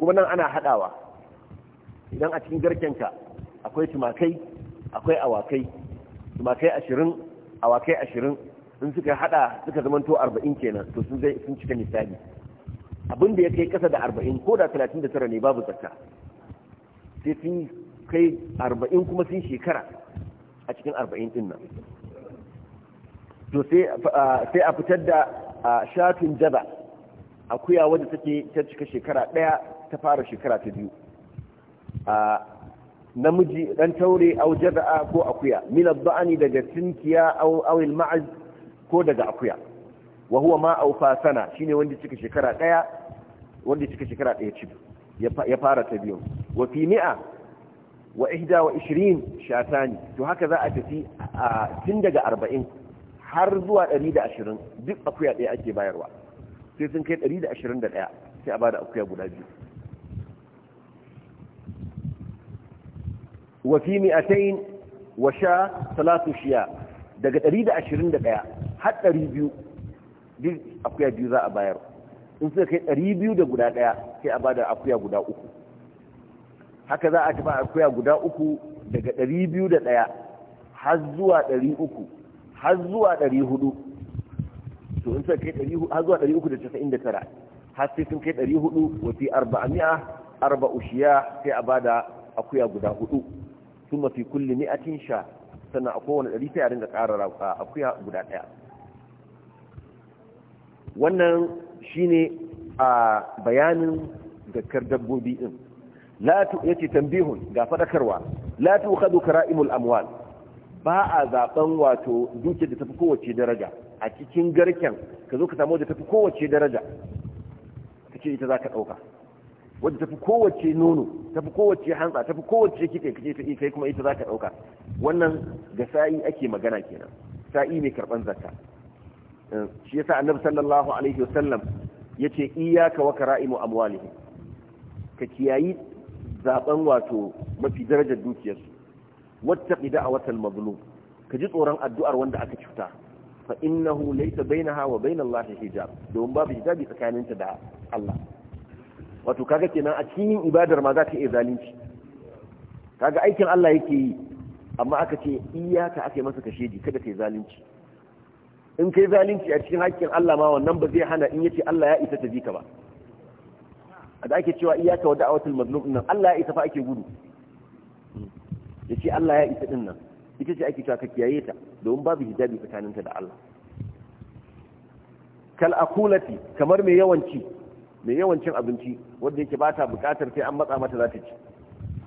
[SPEAKER 1] kuma nan ana haɗawa idan a cikin garkenka akwai tumakai akwai awakai tumakai ashirin awakai ashirin in suka hada suka zama to arba'in kenan to sun zai sun cika misali abin da ya kai kasa da arba'in ko da talatin da tara ne babu zakka sai sun kai arba'in kuma sun shekara a cikin arba'in din nan to sai a fitar da shafin jaba akuya wadda take ta cika shekara ɗaya ta fara shekara ta biyu a namiji dan taure au jada'a ko akuya min adani daga tinkiya au awil ma'az ko daga akuya wa huwa ma au sana shine wanda cika shekara daya wanda cika shekara daya ci ya fara ta biyu wa fi mi'a wa ihda wa 20 shatani to haka za a tafi tun daga 40 har zuwa 120 duk akuya daya ake bayarwa sai sun kai 121 sai a bada akuya guda biyu wa fi mi'atain wa sha salatu shiya daga 121 har 200 duk akuya biyu za a bayar in suka kai 200 da guda daya sai a bada akuya guda uku haka za a tafi akuya guda uku daga 201 har zuwa 300 har zuwa 400 to in suka kai 300 har zuwa 399 har sai sun kai 400 wa fi 400 arba ushiya sai a bada akuya guda hudu thumma fi kulli cin sha sannan a kowane ɗari sai a dinga ƙara akuya guda ɗaya wannan shi ne a bayanin zakar dabbobi ɗin ya ce yace tambihun ga faɗakarwa. Latu ka dokara imul amwal ba a zaɓen wato duke da tafi kowace daraja a cikin garken ka zo ka samu da tafi kowace daraja ce ita za ka ɗauka. wadda tafi kowace nono tafi kowace hantsa tafi kowace kike kace ta kai kuma ita zaka dauka wannan ga sa'i ake magana kenan sa'i mai karban zakka eh, shi yasa annabi sallallahu alaihi wasallam yace iyyaka wa kara'imu amwalihim ka kiyayi zaben wato mafi darajar dukiyarsu wattaqi da'watal mazlum ka ji tsoron addu'ar wanda aka cuta fa innahu laysa bainaha wa bainallahi hijab domin babu hijabi tsakaninta da Allah wato kaga kenan a cikin ibadar ma za ka iya zalunci kaga aikin Allah yake yi amma aka ce iyaka aka yi masa kashedi kada kai zalunci in kai zalunci a cikin hakkin Allah ma wannan ba zai hana in yace Allah ya isa ta ka ba da ake cewa iyaka wa da'awatul mazlum nan Allah ya isa fa ake gudu yace Allah ya isa din nan ita ce ake cewa ka kiyaye ta domin babu hijabi tsakaninta da Allah kal aqulati kamar mai yawanci mai yawan cin abinci wanda yake bata bukatar sai an matsa mata za ta ci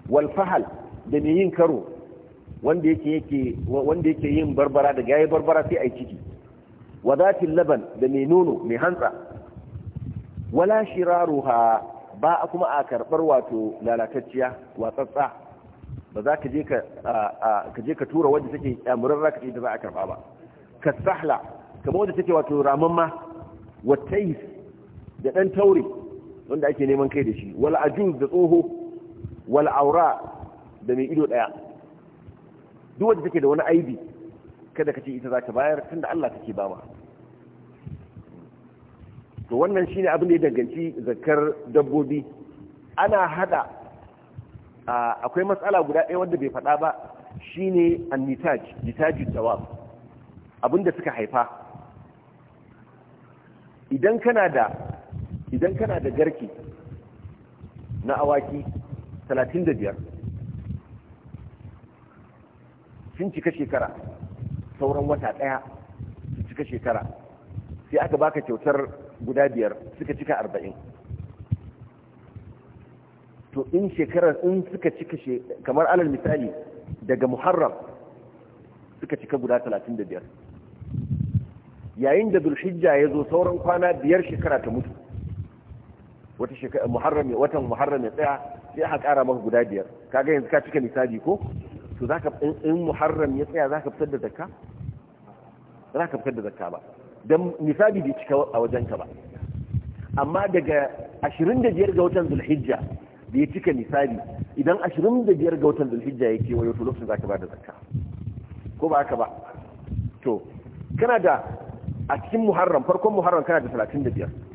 [SPEAKER 1] wal fahal da mai yin karo wanda yake yake wanda yake yin barbara da gaye barbara sai ai ciki wa laban da mai nono mai hantsa wala shiraruha ba a kuma a karbar wato lalatacciya watsatsa ba za ka je ka ka je ka tura wanda take murarra ka ce da za a karba ba kasahla kamar wanda take wato ramamma wa taif da ɗan taure wanda ake neman kai da shi Wala ajuz da tsoho wala aura da mai ido ɗaya duk wanda take da wani aibi kada ka ce ita za ka bayar da Allah take ba ma to wannan shine abin da ya danganci zakar dabbobi ana hada akwai matsala guda ɗaya wanda bai faɗa ba shine annitaj nitajin tawaf abin suka haifa idan kana da idan kana da garki na awaki 35 sun cika shekara sauran wata daya su cika shekara sai aka baka kyautar guda biyar suka cika arba'in to in shekarar in suka cika kamar alal misali daga muharram suka cika guda 35 yayin da dulhijja ya zo sauran kwana biyar shekara ta mutu wata shekara muharram watan muharram ya tsaya sai aka kara maka guda biyar kaga yanzu ka cika misali ko to zaka in muharram ya tsaya zaka fitar da zakka zaka fitar da zakka ba dan misali bai cika a wajenka ba amma daga 25 ga watan zulhijja bai cika misali idan 25 ga watan zulhijja ya wayo to lokacin zaka ba da zakka ko ba haka ba to kana da a cikin muharram farkon muharram kana da 35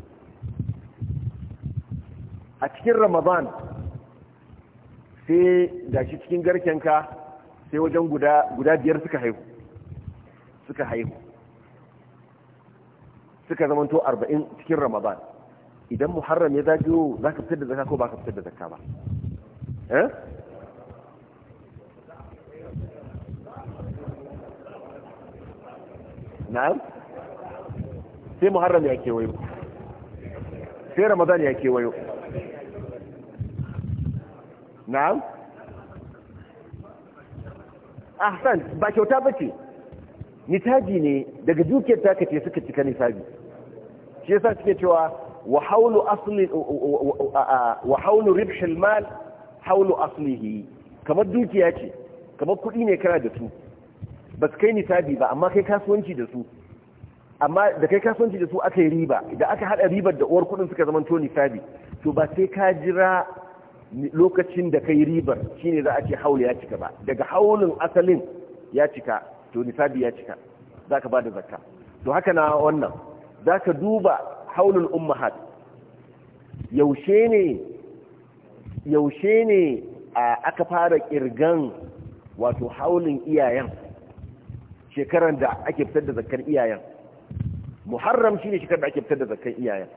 [SPEAKER 1] a cikin ramadan sai gashi cikin garkenka sai wajen guda biyar suka haihu suka haihu suka zamanto arba'in cikin ramadan idan muharram ya zagayo za ka fitar da zaka ko ba ka fitar da zaka ba eh? na'am sai muharram ya kewayo
[SPEAKER 2] sai ramadan ya kewayo
[SPEAKER 1] na'am ahsan ba kyauta bace nitaji ne daga dukiyar ta kace suka cika sabi, shi yasa suke cewa wa haulu asli wa haulu ribh al-mal haulu aslihi kamar dukiya ce kamar kuɗi ne kana da su ba su kai sabi ba amma kai kasuwanci da su amma da kai kasuwanci da su aka yi riba idan aka hada ribar da uwar kudin suka zama to sabi, to ba sai ka jira lokacin da kai ribar shine za a ce haul ya cika ba daga haulin asalin ya cika to nisabi ya cika za ka ba da zakka to haka na wannan za ka duba haulul ummahat yaushe ne yaushe ne aka fara kirgan wato haulin iyayen shekaran da ake fitar da zakkar iyayen muharram shine shekarar da ake fitar da zakkar iyayen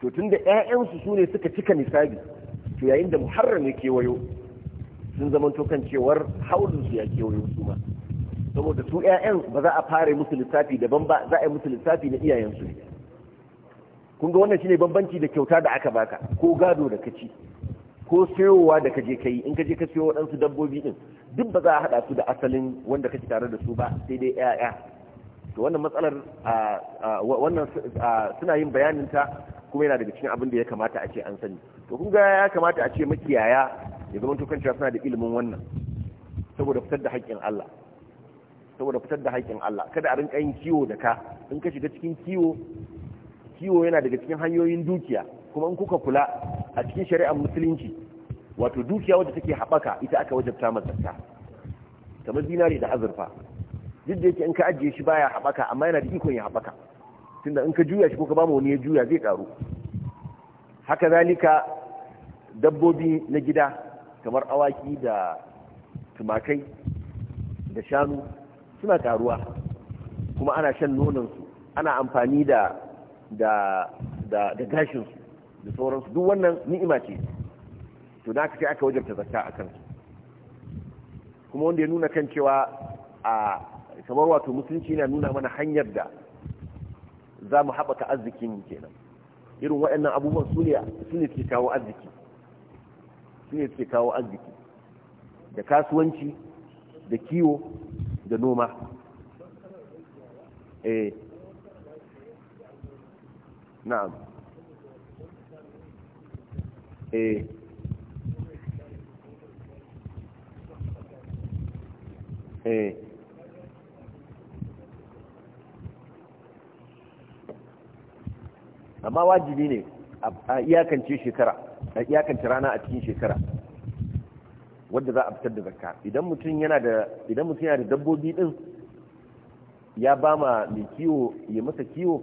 [SPEAKER 1] to tunda ƴaƴansu su ne suka cika nisabi to yayin da muharram ya kewayo sun zama to kan cewar haulun su ya kewayo su ma saboda su ƴaƴan ba za a fara musu lissafi daban ba za a yi musu lissafi na iyayen su kun ga wannan shine bambanci da kyauta da aka baka ko gado da kaci ko sayowa da kaje kai in kaje ka sayo waɗansu dabbobi din duk ba za a haɗa su da asalin wanda kake tare da su ba sai dai ƴaƴa to wannan matsalar wannan suna yin bayanin ta kuma yana daga cikin abin da ya kamata a ce an sani to kun ga ya kamata a ce makiyaya ya zama to cewa suna da ilimin wannan saboda fitar da haƙƙin Allah saboda fitar da haƙƙin Allah kada a rinka yin kiwo da ka in ka shiga cikin kiwo kiwo yana daga cikin hanyoyin dukiya kuma in kuka kula a cikin shari'ar musulunci wato dukiya wadda take haɓaka ita aka wajabta zakka kamar dinari da azurfa duk da yake in ka ajiye shi baya haɓaka amma yana da ikon ya haɓaka tunda in ka juya shi ko ka ba mu wani ya juya zai karu haka zalika dabbobi na gida kamar awaki da tumakai da shanu suna karuwa kuma ana shan nonansu ana amfani da da da da gashinsu da sauransu duk wannan ni'ima ce to da aka aka wajabta zakka a kansu kuma wanda ya nuna kan cewa a kamar wato musulunci yana nuna mana hanyar da za mu haɓaka arzikin kenan irin waɗannan abubuwan su ne su ne ke kawo arziki su ne suke kawo arziki da kasuwanci da kiwo da noma eh na'am eh eh amma wajibi ne a iyakance shekara a iyakance rana a cikin shekara wadda za a fitar da zakka idan mutum yana da idan mutum yana da dabbobi din ya ba ma mai kiwo ya masa kiwo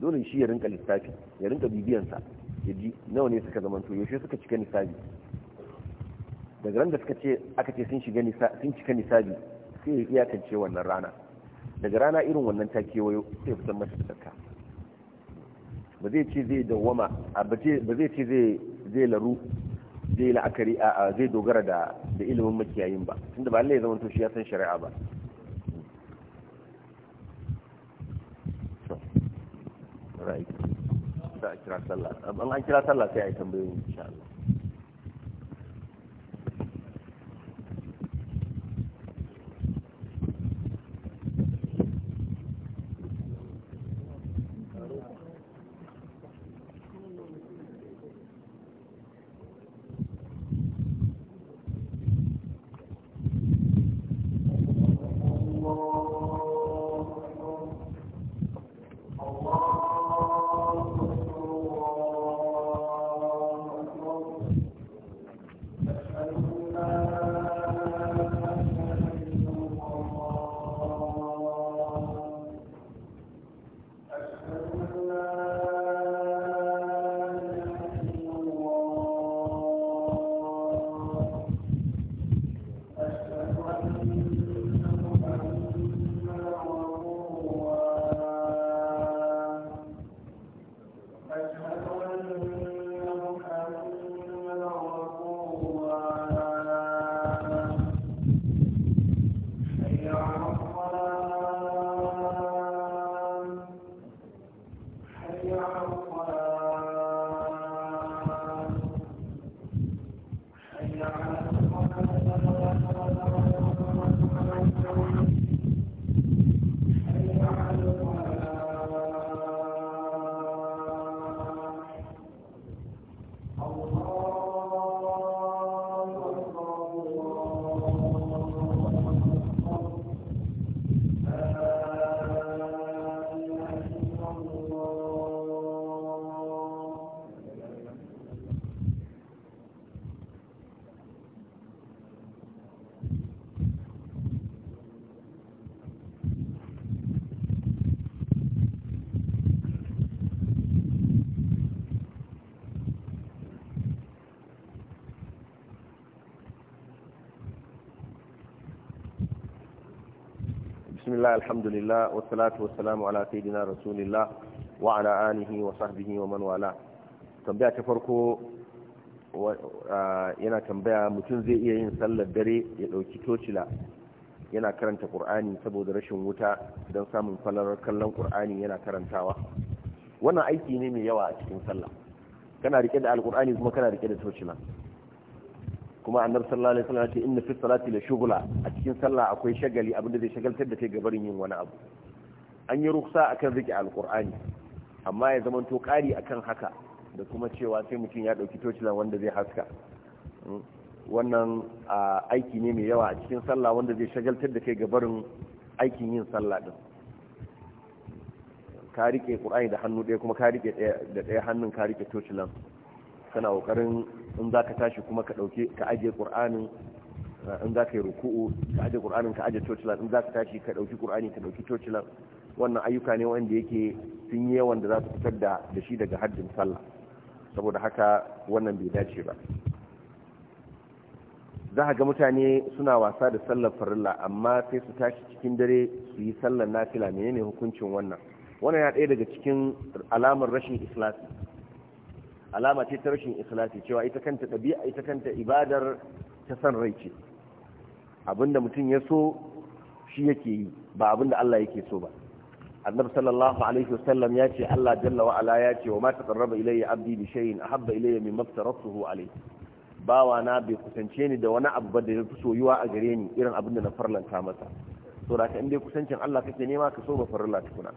[SPEAKER 1] dole shi ya rinka lissafi ya rinka bibiyansa ya ji nawa ne suka to yaushe suka cika nisabi daga ran da suka ce aka ce sun shiga sun cika nisabi sai ya iyakance wannan rana daga rana irin wannan ta kewayo sai fitar masa zakka ba zai ce zai dawwama ba zai ce zai zai laru zai la'akari a zai dogara da ilimin makiyayin ba tunda ba Allah zama to ya san shari'a ba an kira sallah sai a yi tambayoyin insha'Allah. الله الحمد لله والصلاة والسلام على سيدنا رسول الله وعلى آله وصحبه ومن والاه تنبيه تفرقوا yana tambaya mutum zai iya yin sallar dare ya ɗauki tocila yana karanta ƙur'ani saboda rashin wuta don samun falalar kallon ƙur'ani yana karantawa wannan aiki ne mai yawa a cikin sallah kana rike da alƙur'ani kuma kana rike da tocila kuma annabi sallallahu ya ce inna fi salati da shugula. cikin sallah akwai shagali abinda zai shagaltar da kai gabarin yin wani abu an yi ruksa akan rike alkur'ani amma ya zama to kari akan haka da kuma cewa sai mutum ya dauki tocila wanda zai haska hmm? wannan aiki ne mai yawa a cikin sallah wanda zai shagaltar da kai gabarin aikin yin sallah din ka rike qur'ani da hannu ɗaya kuma ka rike da ɗaya hannun ka rike tocilan kana kokarin in zaka tashi kuma ka dauke ka ajiye qur'anin in za ka yi ruku'u ka aje qur'anin ka aje tocilan in za ka tashi ka dauki qur'ani ka dauki tocilan wannan ayyuka ne wanda yake sun yi yawan da za su fitar da da shi daga haddin sallah saboda haka wannan bai dace ba za ka ga mutane suna wasa da sallar farilla amma sai su tashi cikin dare su yi sallar nafila menene hukuncin wannan wannan ya ɗaya daga cikin alamar rashin ikhlasi alama ce ta rashin ikhlasi cewa ita kanta ɗabi'a ita kanta ibadar ta san rai ce abinda mutum ya so shi yake yi ba abinda Allah yake so ba annabi sallallahu alaihi wasallam ya ce Allah jalla wa ala ya ce wa ma taqarraba ilayya abdi bi shay'in ahabba ilayya mimma aftaratuhu alayhi bawa na bai kusance ni da wani abu ba da ya fi soyuwa a gare ni irin abinda na farlanta masa so da in dai kusancin Allah kake nema ka so ba farla tukuna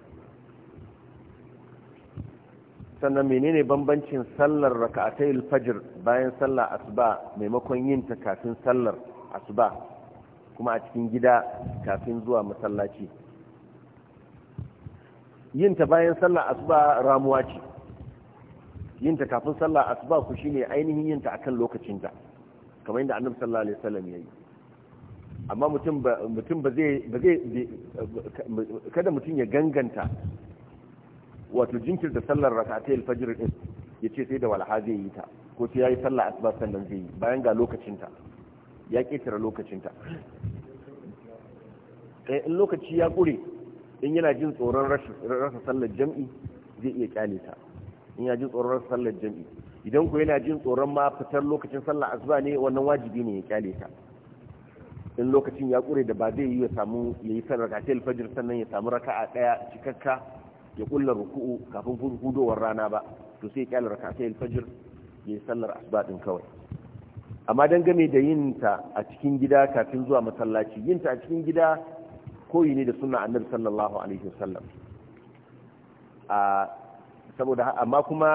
[SPEAKER 1] sannan menene bambancin sallar raka'atai al-fajr bayan sallar asuba maimakon yin ta kafin sallar asuba kuma a cikin gida kafin zuwa masallaci yin ta bayan sallah asuba ramuwa ce yin ta kafin sallah asuba ku shine ainihin yin ta akan lokacin ta kamar yadda annabi sallallahu alaihi wasallam yayi amma mutum ba mutum ba zai ba zai kada mutum ya ganganta wato jinkir da sallar rak'atayil fajr din yace sai da walha zai yi ta ko sai yayi sallah asuba sannan zai yi bayan ga lokacin ta ya ketare lokacin ta kai eh, in lokaci ya ƙure in yana jin tsoron rasa sallar jam'i zai iya kyale ta in yana jin tsoron rasa sallar jam'i idan ku yana jin tsoron ma fitar lokacin sallar asuba ne wannan wajibi ne ya kyale ta in lokacin ya ƙure da ba zai yi ya samu ya yi san rakatul fajr sannan ya samu raka'a ɗaya cikakka ya kulla ruku'u kafin hudowar rana ba to sai ya kyale rakatul fajr ya yi sallar asuba din kawai amma dangane da yin ta a cikin gida kafin zuwa masallaci yin ta a cikin gida koyi ne da sunna annabi sallallahu alaihi wasallam a saboda amma kuma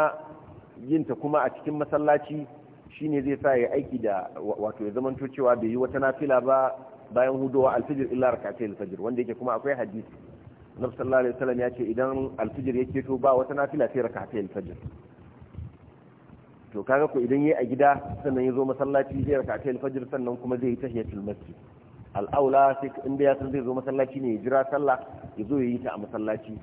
[SPEAKER 1] yin ta kuma a cikin masallaci shine zai sa ya aiki da wato ya zamanto cewa bai yi wata nafila ba bayan hudowa alfijir illa rakatai fajr wanda yake kuma akwai hadisi nabi sallallahu alaihi wasallam ya ce idan alfijir yake to ba wata nafila sai rakatai fajr to kaga ko idan yayi a gida sannan ya zo masallaci zai rakatai fajr sannan kuma zai yi tahiyatul masjid al'aula sai inda ya san zai zo masallaci ne ya jira sallah ya zo ya yi ta a masallaci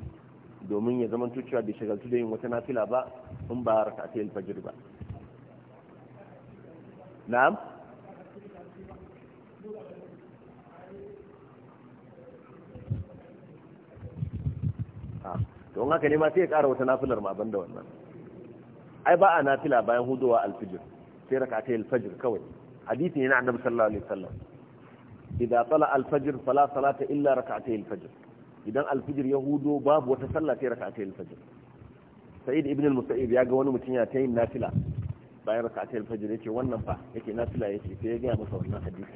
[SPEAKER 1] domin ya zama cewa bai shagaltu da yin wata nafila ba in ba raka ta fajr ba na'am ah, to in haka ne ma sai ya kara wata nafilar ma banda wannan ai ba a nafila bayan hudowa alfijir sai raka ta alfajir kawai hadisi ne na annabi sallallahu alaihi wasallam idan tsala alfajir fala salata illa raka'atai alfajir idan alfajir ya hudo babu wata sallah sai raka'atai alfajir sa'id ibn al musayyib ya ga wani mutum ya ta yin nafila bayan raka'atai alfajir yace wannan fa yake nafila yake sai ya ga masa wannan hadisi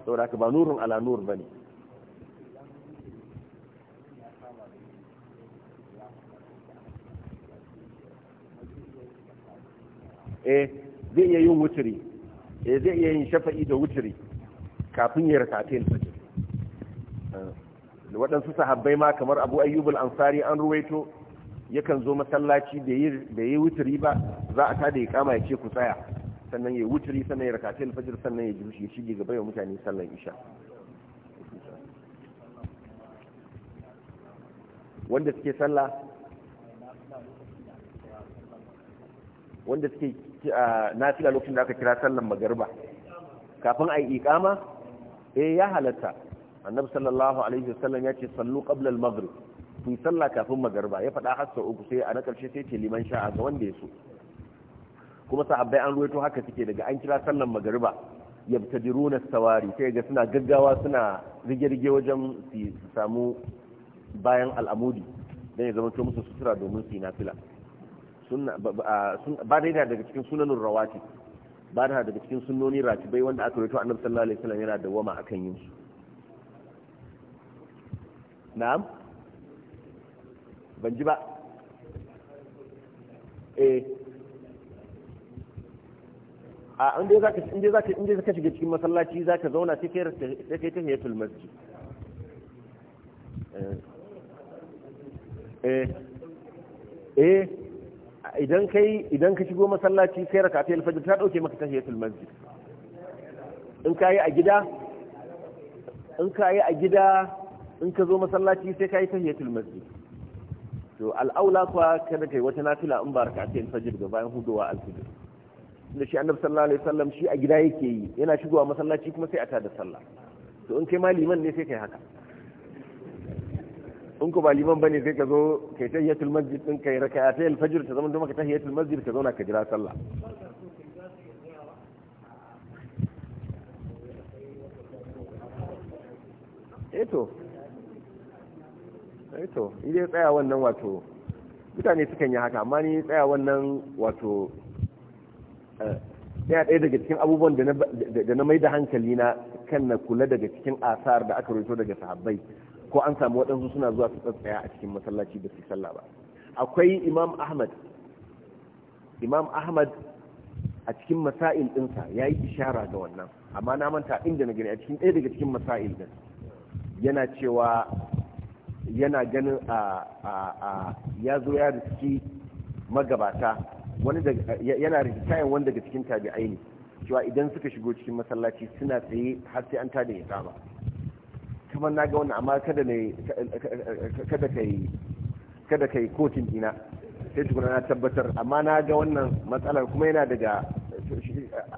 [SPEAKER 1] saboda ka ba nurun ala nur bane eh zai iya yin wuturi eh zai iya yin shafa'i da wuturi kafin ya rakatayil da eh, waɗansu sahabbai ma kamar abu ayyub al-ansari an ruwaito yakan zo masallaci da yi wuturi ba za a ta da ya kama ya ce ku tsaya sannan ya yi wuturi sannan ya rakatayil fajir sannan ya ya shige gaba ya mutane sallan isha wanda suke salla wanda suke eh, na fila lokacin da aka kira sallan magarba kafin a yi ikama eh ya halatta annabi sallallahu alaihi wasallam ya ce sallu qabla al-maghrib ku salla sallah kafin magarba ya faɗa har sau uku sai a na ƙarshe sai ce liman sha'a ga wanda ya so kuma sahabbai an ruwaito haka suke daga an kira sallan magariba yabtadiruna sawari sai ga suna gaggawa suna rige-rige wajen su samu bayan al'amudi dan ya zama to musu sutura domin su yi nafila ba daga cikin sunanun rawati ba da daga cikin sunnoni ratibai wanda aka rito annabi sallallahu alaihi wasallam yana wama akan yin su na'am ban ji ba eh a inda zaka inda zaka inda zaka shiga cikin masallaci zaka zauna sai kai sai kai tahiyatul masjid eh eh, eh. idan kai idan ka shigo masallaci sai raka ta alfajir ta dauke maka tahiyatul masjid in ka yi a gida in ka yi a gida in ka zo masallaci sai ka yi tahiyatul masjid to al'aula kuwa kada kai wata nafila in ba raka ta alfajir ga bayan hudowa alfajir da shi annabi sallallahu alaihi wasallam shi a gida yake yi yana shigowa masallaci kuma sai a tada sallah to in kai maliman ne sai kai haka in ku ba liman bane sai ka zo ka yi tahiyatul masjid din kai raka'atay al-fajr ta zama maka tahiyatul masjid ka zauna ka jira sallah eto eh eto eh idan tsaya wannan wato mutane sukan yi haka amma ni tsaya wannan wato eh, ya ɗaya daga cikin abubuwan da na mai da hankali na kan na kula daga cikin asar da aka rito daga sahabbai ko an samu waɗansu suna zuwa su tsaya a cikin masallaci da su sallah ba akwai imam ahmad imam ahmad a cikin masail ɗinsa ya yi ishara ga wannan amma na manta inda na gani a cikin ɗaya daga cikin masail ɗin yana cewa yana ganin a ya zo ya riski magabata wani yana rikitayen wani daga cikin tabi'ai ne cewa idan suka shigo cikin masallaci suna tsaye har sai an tada ya kama kamar na ga wannan amma kada ne kada kotun kada kotin ina sai tukuna na tabbatar amma na ga wannan matsalar kuma yana daga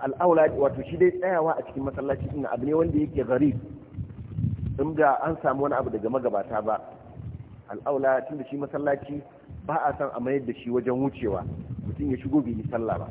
[SPEAKER 1] al'aula wato shi dai tsayawa a cikin masallaci ina abu ne wanda yake gari in da an samu wani abu daga magabata ba al'aula tun da shi masallaci ba a san a mayar da shi wajen wucewa mutum ya shigo bi sallah ba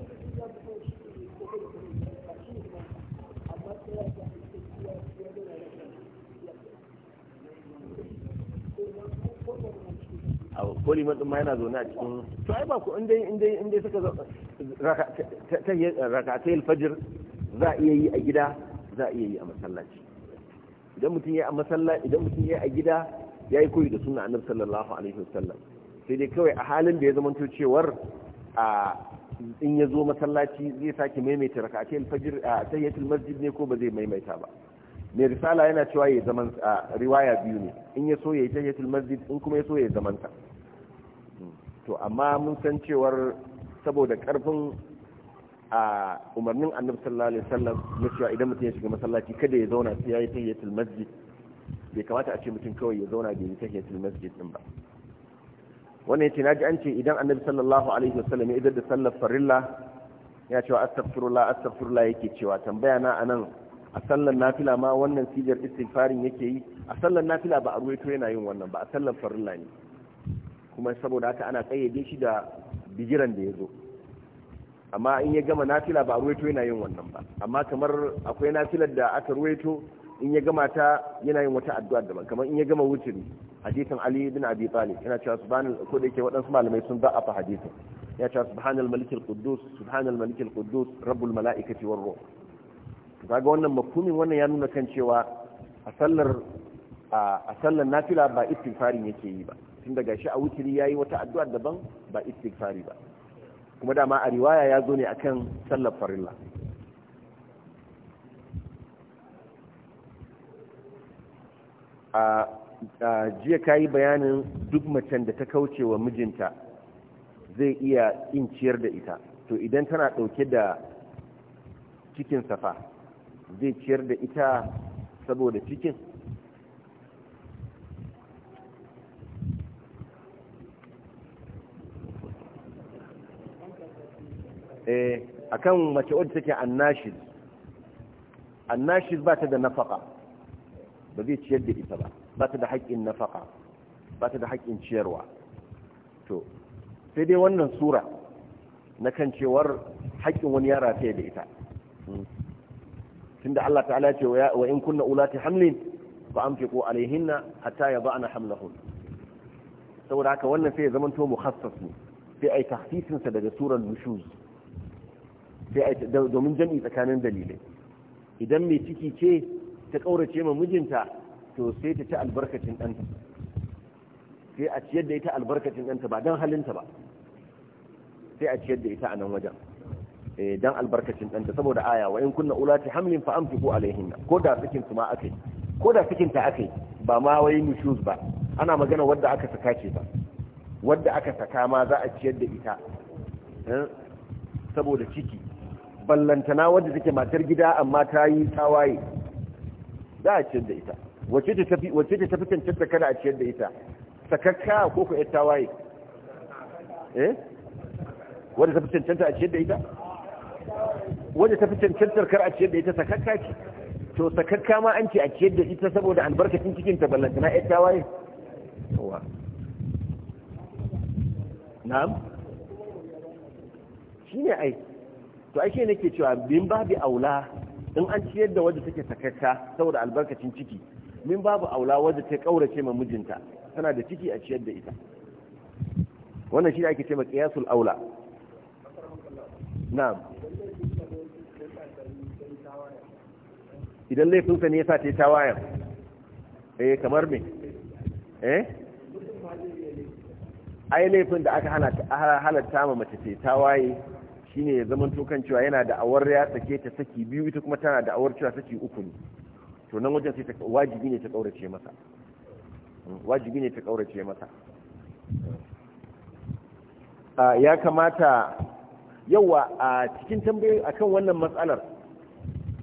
[SPEAKER 1] a koli matsin ma yana zaune a cikin to ai ba ku inda inda inda suka in ta rakatai alfajir za a iya yi a gida za a iya yi a masallaci idan mutum ya a masallaci idan mutum ya a gida ya yi koyi da sunna annabi sallallahu alaihi wasallam sai dai kawai a halin da ya zama to cewar a in ya zo masallaci zai sake maimaita rakatai alfajir a tahiyatul masjid ne ko ba zai maimaita ba mai risala yana cewa ya zaman a riwaya biyu ne in ya so ya yi tahiyatul masjid in kuma ya so ya zaman ta to amma mun san cewar saboda karfin a umarnin annabi sallallahu alaihi wasallam na cewa idan mutum ya shiga masallaci kada ya zauna sai ya yi tahiyatul masjid bai kamata a ce mutum kawai ya zauna bai yi tahiyatul masjid din ba wannan yace naji an ce idan annabi sallallahu alaihi wasallam ya idar da sallar farilla ya cewa astaghfirullah astaghfirullah yake cewa tambaya na anan a sallan nafila ma wannan sijar istighfarin yake yi a sallan nafila ba a ruwaito yana yin wannan ba a sallan farilla ne kuma saboda haka ana kayyade shi da bigiran da ya zo amma in ya gama nafila ba a ruwaito yana yin wannan ba amma kamar akwai nafilar da aka ruwaito in ya gama ta yana yin wata addu'a daban kamar in ya gama wuturi hadisin Ali bin Abi Talib yana cewa subhanal ko da yake waɗansu malamai sun fa hadisin ya cewa subhanal malikil quddus subhanal malikil quddus rabbul malaikati war ruh zaga kaga wannan makumin wannan ya nuna kan cewa a sallar a sallar nafila ba istighfarin ke yi ba tun daga shi a wutiri yayi wata addu'a daban ba istighfari ba kuma dama a riwaya ya zo ne akan sallar farilla a jiya ka yi bayanin duk macen da ta kauce wa mijinta zai iya inciyar da ita to idan tana ɗauke da cikin safa zai ciyar da ita saboda cikin eh, a kan mace wadda take annashid annashid ba ta da nafaka ba zai ciyar da ita ba ba ta da haƙƙin nafaka ba ta da haƙƙin ciyarwa to sai dai wannan sura na kan cewar haƙƙin wani yara ta da ita tunda Allah ta'ala ce wa in kunna ulati hamlin fa anfiqu alaihinna hatta yada'na hamlahun saboda haka wannan sai ya zamanto mukhassas ne sai ai tahsisin sa daga surar nushuz sai ai domin jami'i tsakanin dalilai idan mai ciki ce ta kaurace ma mijinta to sai ta ci albarkacin danta, sai a ciyar da ita albarkacin danta, ba dan halinta ba sai a ciyar da ita a nan wajen Eh, dan albarkacin ɗanta saboda aya wa in kunna ulati hamlin fa anfiqu alaihinna ko da cikin su ma ake ko da cikin ta ake ba ma wai nushuz ba ana magana wadda aka saka ce ba wadda aka saka ma za a ciyar da ita eh, saboda ciki ballantana wadda take matar gida amma ta yi tawaye za a ciyar da ita wacce ta tafi wacce ta tafi cancanta kada a ciyar da ita sakakka ko ku ƴar tawaye eh wadda ta tafi cancanta a ciyar da ita wadda ta fi cancantar kar a ciyar da ita sakakka ce to sakakka ma an ce a ciyar da ita saboda albarkacin cikin ta ballanta na ita waye. towa na'am shine ai to ai nake cewa bin babu aula in an ciyar da wadda take sakakka saboda albarkacin ciki min babu aula wadda ta kaurace ma mijinta tana da ciki a ciyar da ita wannan shi ne ake ce ma qiyasul aula na'am idan laifinsa ne ya sa ta yi eh kamar me eh ai laifin da aka halatta ma mace ce tawaye shine ya zama kan cewa yana da awar ya sake ta saki biyu ita kuma tana da awar cewa saki uku ne to nan wajen sai wajibi ne ta kaurace masa hmm, wajibi ne ta kaurace masa ah, ya kamata yawa a cikin tambayoyi akan wannan matsalar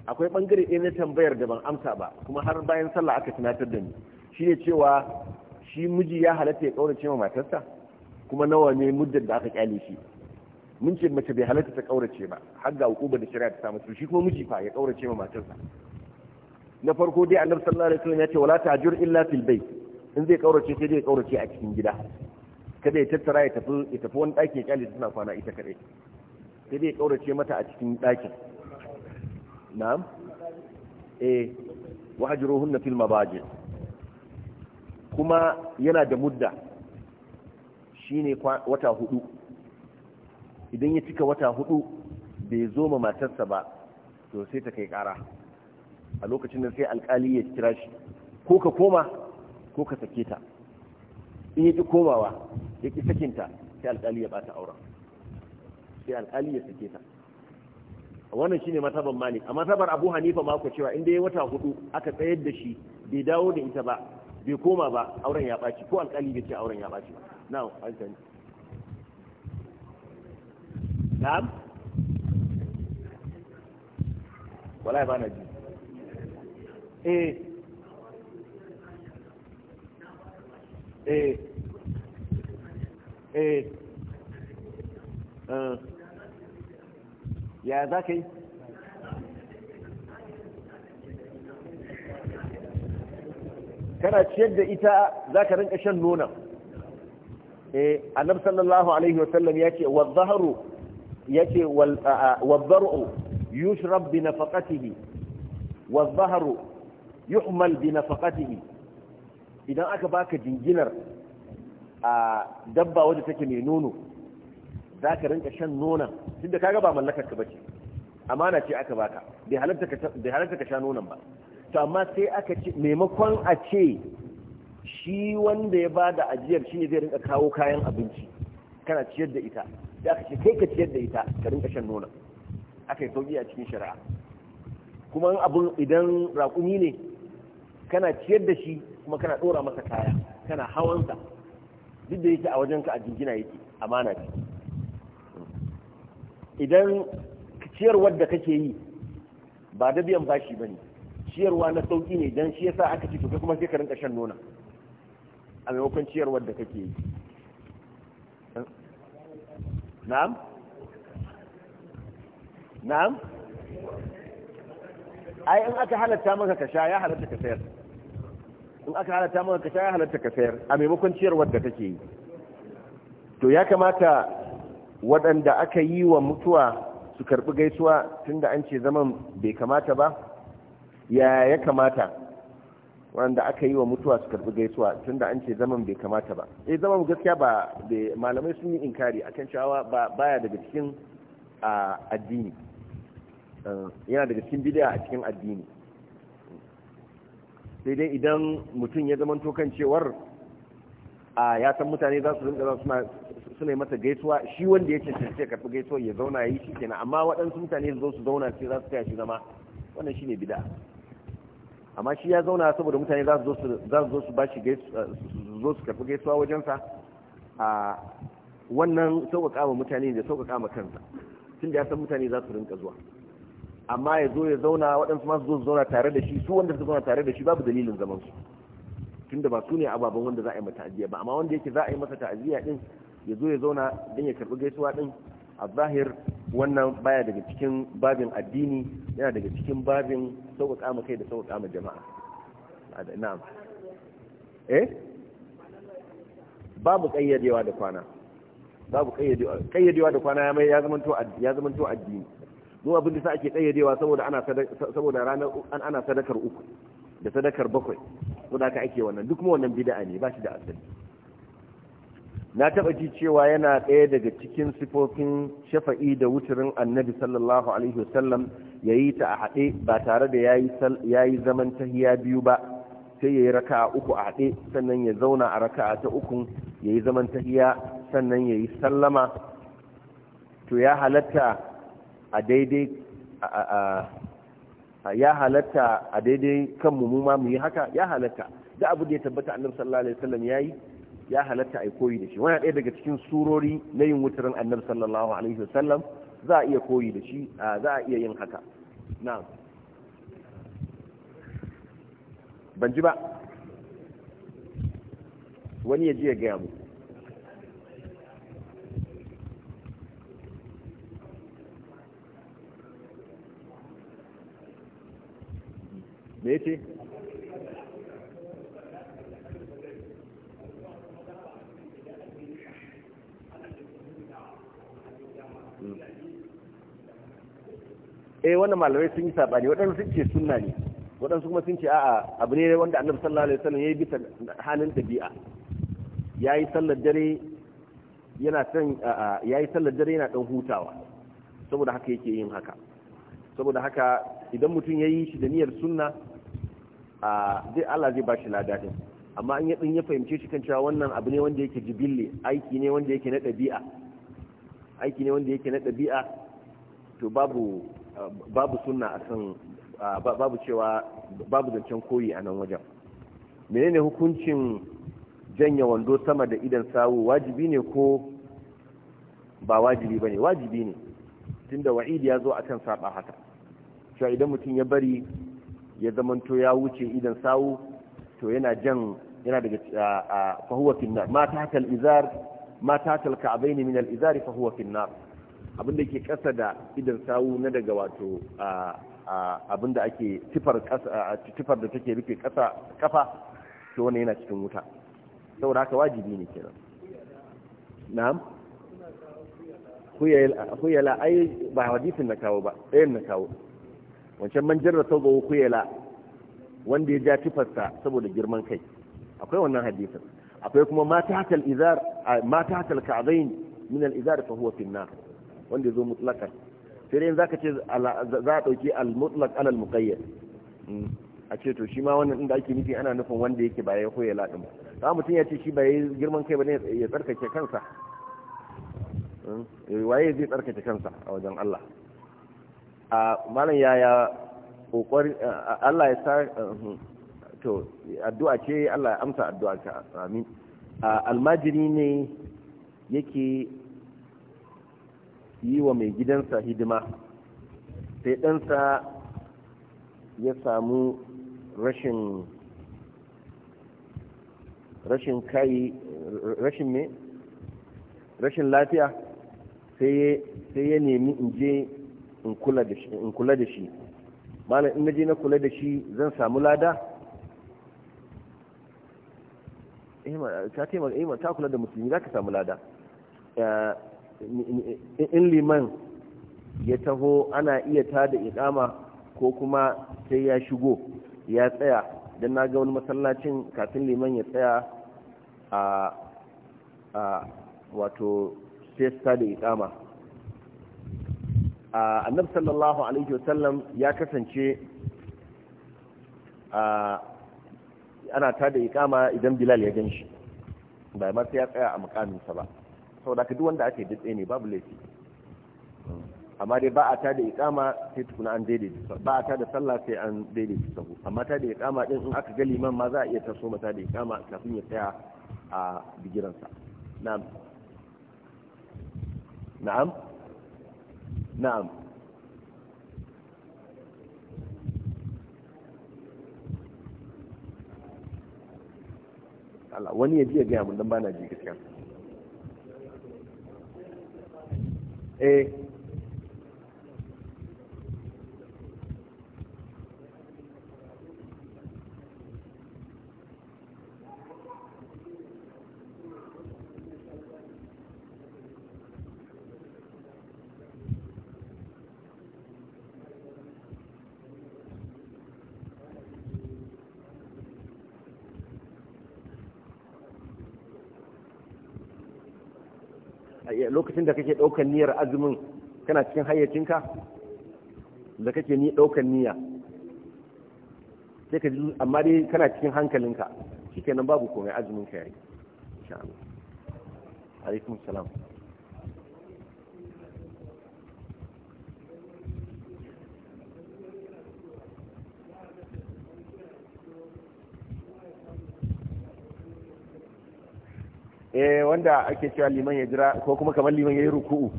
[SPEAKER 1] akwai bangare ɗaya na tambayar da ban amsa ba kuma har bayan sallah aka tunatar da ni shi ne cewa shi miji ya halatta ya kaurace ma matarsa kuma nawa ne muddar da aka kyale shi mun ce mace bai halatta ta kaurace ba har ga hukuma da shari'a ta samu shi kuma miji fa ya kaurace ma matarsa na farko dai annabi sallallahu alaihi wasallam ya ce wala tajur illa fil bayt in zai kaurace sai zai kaurace a cikin gida kada ya tattara ya tafi ya tafi wani ɗaki ya kyale tana kwana ita kadai sai dai ya kaurace mata a cikin ɗakin na'am eh wahjuruhunna fil mabaji kuma yana da mudda shine wata hudu idan ya cika wata hudu bai zo ma matarsa ba to sai ta kai kara a lokacin da sai alkali ya kira shi ko ka koma ko ka sake ta in ya ki komawa ya ki sakinta sai alkali ya bata auren sai alkali ya sake ta wannan shine matabar malik a matabar abu hanifa ma ku cewa inda ya wata hudu aka tsayar da shi bai dawo da ita ba bai koma ba auren ya ɓaci ko alƙali bai ce auren ya ɓaci na'am alƙali na'am wallahi ba na ji eh eh eh, eh. ya za ka yi kana ciyar da ita za ka rinka shan nonon eh annab sallallahu alaihi wasallam ya ce wa zaharu ya ce wa zar'u yushrab bi nafaqatihi wa zaharu yuhmal bi nafaqatihi idan aka baka jinginar a dabba wadda take mai nono za ka rinka shan nonon duk da kaga ba mallakar ka bace amana ce aka baka bai halatta ka sha nonon ba to amma sai aka ce maimakon a ce shi wanda ya bada ajiyar shi zai rinka kawo kayan abinci kana ciyar da ita sai aka ce kai ka ciyar da ita ka rinka shan nonon aka yi sauki a cikin shari'a kuma abun idan raƙumi ne kana ciyar da shi kuma kana ɗora masa kaya kana hawansa duk da yake a wajenka a jingina yake amana ce idan ciyarwar da kake yi ba da biyan bashi ba ne ciyarwa na sauki ne don shi yasa aka ce to kuma sai ka rinka shan nona a maimakon ciyarwar da kake yi na'am na'am ai in aka halatta maka ka sha ya halatta ka sayar in aka halatta maka ka sha ya halatta ka sayar a maimakon ciyarwar da kake yi to ya kamata waɗanda aka yi wa mutuwa su karɓi gaisuwa tunda an ce zaman bai kamata ba ya ya kamata waɗanda aka yi wa mutuwa su karɓi gaisuwa tunda an ce zaman bai kamata ba eh zaman gaskiya ba malamai sun yi inkari akan cewa ba baya daga cikin addini eh, yana daga cikin bid'a a cikin addini sai dai idan mutum ya zama tokancewar a ya san mutane za su rinka suna mata gaisuwa shi wanda ya cancanci ya karɓi gaisuwa ya zauna ya yi shi kenan amma waɗansu mutane su zo su zauna sai za su taya shi zama wannan shine bid'a amma shi ya zauna saboda mutane za su zo su bashi zo su karɓi gaisuwa wajensa a wannan sauƙaƙa ma mutane da sauƙaƙa ma kansa tun da ya san mutane za su rinka zuwa amma ya zo ya zauna waɗansu masu zo su zauna tare da shi su wanda su zauna tare da shi babu dalilin zaman su tun da ba su ne ababen wanda za a yi mata ta'aziyya ba amma wanda yake za a yi masa ta'aziyya din ya zo ya zauna don ya karɓi gaisuwa ɗin a zahir wannan baya daga cikin babin addini yana daga cikin babin sauƙaƙa ma kai da sauƙaƙa ma jama'a na'am eh babu ƙayyadewa da kwana babu ƙayyadewa da kwana ya ya zamanto addini mu abin da sa ake ƙayyadewa saboda ana saboda ranar ana sadakar uku da sadakar bakwai saboda haka ake wannan duk mu wannan bid'a ne ba shi da asali na taba ji cewa yana ɗaya daga cikin sifofin shafa'i da wuturin annabi sallallahu alaihi wasallam ya yi ta a haɗe ba tare da ya yi zaman tahiya biyu ba sai ya yi raka uku a haɗe sannan ya zauna a raka ta uku ya yi zaman tahiya sannan ya yi sallama to ya halatta a daidai ya halatta a daidai kan mu ma mu yi haka ya halatta da abu da ya tabbata annabi sallallahu alaihi wasallam ya yi ya halatta ai koyi da shi wani ɗaya daga cikin surori na yin wutarin annabi sallallahu alaihi wasallam za a iya koyi da shi za a iya yin haka na ban ji ba wani ya ji ya gaya mu me ce eh wanda malamai sun yi sabani waɗansu sun ce sunna ne waɗansu kuma sun ce a'a abu ne wanda annabi sallallahu alaihi wasallam ya yi bisa halin dabi'a ya yi sallar dare yana son ya yi sallar dare yana ɗan hutawa saboda haka yake yin haka saboda haka idan mutum ya yi shi da niyyar sunna a zai Allah zai ba shi lada amma an yadin ya fahimce shi kan cewa wannan abu ne wanda yake jibilli aiki ne wanda yake na ɗabi'a aiki ne wanda yake na ɗabi'a to babu babu sunna san ah, babu cewa babu zancen koyi a nan wajen menene hukuncin janya wando sama da idan sawu wajibi ne ko ba wajibi ba ne wajibi ne tunda wa'idi ya zo a kan saba haka cewa idan mutum ya bari ya zamanto ya wuce idan sawu to yana jan yana daga ah, ah, fahuwa finnar ma ta takal izar ma ta takal ka'abaini min al-izari fahuwa finnar abin da ke kasa da idan sawu na daga wato abin da ake tifar da take rufe kafa to wani yana cikin wuta saboda haka wajibi ne kenan na'am huyala ai ba hadisin na kawo ba ɗayan na kawo wancan man jarra gawo huyala wanda ya ja tifarsa saboda girman kai akwai wannan hadisin akwai kuma mata hatal izar mata hatal ka'abain min al izar fa huwa fi nar wanda zo mutlakan sai dai zaka ce za a dauki al-mutlaq alal muqayyad hmm. a ce to shi ma wannan inda ake nufi ana nufin wanda yake ba ya hoye ladin ba ta mutum ya ce shi ba yayi girman kai ba ne ya tsarkake kansa hmm. eh, waye zai tsarkake kansa a wajen Allah a malam yaya kokari Allah ya sa hmm. to addu'a ce Allah ya amsa addu'a ka amin almajiri ne yake yi wa mai gidansa hidima sai ɗansa ya samu rashin rashin kai rashin me rashin lafiya sai ya nemi in je in kula da shi malam in je na kula da shi zan samu lada eh, eh, ta kula da musulmi za ka samu lada eh, in liman ya taho ana iya tada iqama ko kuma sai ya shigo ya tsaya don na ga wani masallacin kafin liman ya tsaya a a wato ta da iqama annabi sallallahu alaihi wasallam ya kasance ana tada iqama idan bilal ya ganshi bai ma sai ya tsaya a sa ba da ka duk wanda ake dutse ne babu laifi amma dai ba a ta da ikama sai tukuna an daidaita ba a ta da sallah sai an daidaita sahu amma ta da ikama din in aka ga liman ma za a iya taso mata da ikama kafin ya tsaya a bigiransa na'am na'am na'am Allah wani ya ji ya gaya mun dan bana ji gaskiya eh lokacin da kake ɗaukar niyyar azumin kana cikin hayyacinka da kake ni ɗaukar niyya sai ka ji amma dai kana cikin hankalinka shi kenan babu komai azumin ka yayi insha Allah alaikum salam wanda ake cewa liman ya jira ko kuma kamar liman ya yi ruku'u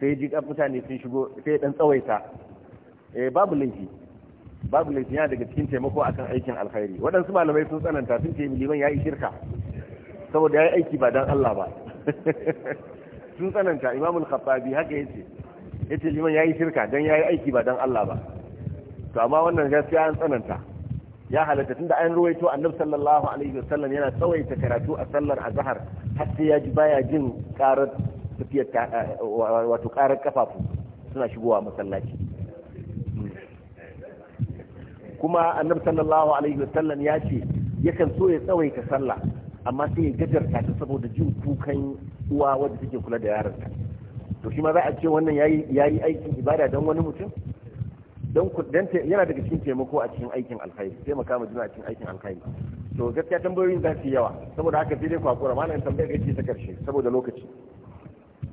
[SPEAKER 1] sai ji ji mutane sun shigo sai ɗan tsawaita eh babu laifi babu laifi yana daga cikin taimako akan aikin alkhairi waɗansu malamai sun tsananta sun ce liman ya yi shirka saboda ya yi aiki ba dan Allah ba [LAUGHS] sun tsananta imamul khattabi haka yace yace liman ya yi shirka dan ya yi aiki ba dan Allah ba to amma wannan gaskiya an tsananta ya halatta tunda an ruwaito annabi sallallahu alaihi wasallam yana tsawaita karatu a sallar azhar har sai ya ji baya jin karar tafiyar eh, wato karar kafafu suna shigowa masallaci kuma annabi sallallahu alaihi wasallam ya ce yakan so ya tsawaita sallah amma sai ya gajarta ta saboda jin kukan uwa wadda take kula da yaranta to shi ma za a ce wannan yayi yayi aikin ibada don wani mutum don yana daga cikin taimako a cikin aikin alkhairi taimaka ma juna a cikin aikin alkhairi to gaskiya tambayoyin za su yawa saboda haka sai dai ku hakura malam tambayar gaske ta karshe saboda lokaci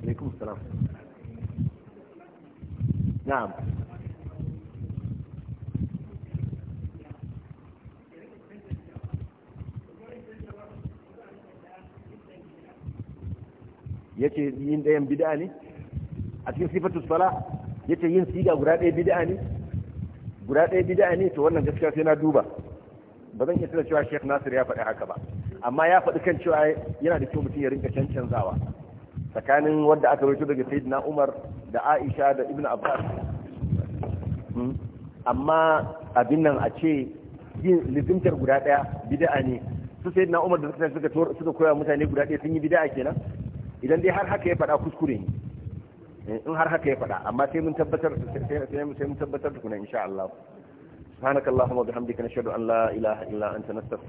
[SPEAKER 1] alaikum salam na'am yace yin dayan bid'a ne a cikin sifatu sala yace yin siga guda ɗaya bid'a ne guda ɗaya bid'a ne to wannan gaskiya sai na duba ba zan iya tuna cewa Sheikh Nasir ya faɗi haka ba amma ya faɗi kan cewa yana da kyau mutum ya rinka cancanzawa tsakanin wanda aka rawaito daga Sayyidina Umar da Aisha da Ibn Abbas hmm? amma abin nan a ce yin lizimtar guda ɗaya bid'a ne su Sayyidina Umar da suka suka koya mutane guda ɗaya sun yi bid'a kenan idan dai har haka ya faɗa kuskure ne Eh, in har haka ya faɗa amma sai mun tabbatar sai mun tabbatar tukuna insha Allah subhanakallahumma wa bihamdika nashhadu an la ilaha illa anta nastaghfiruka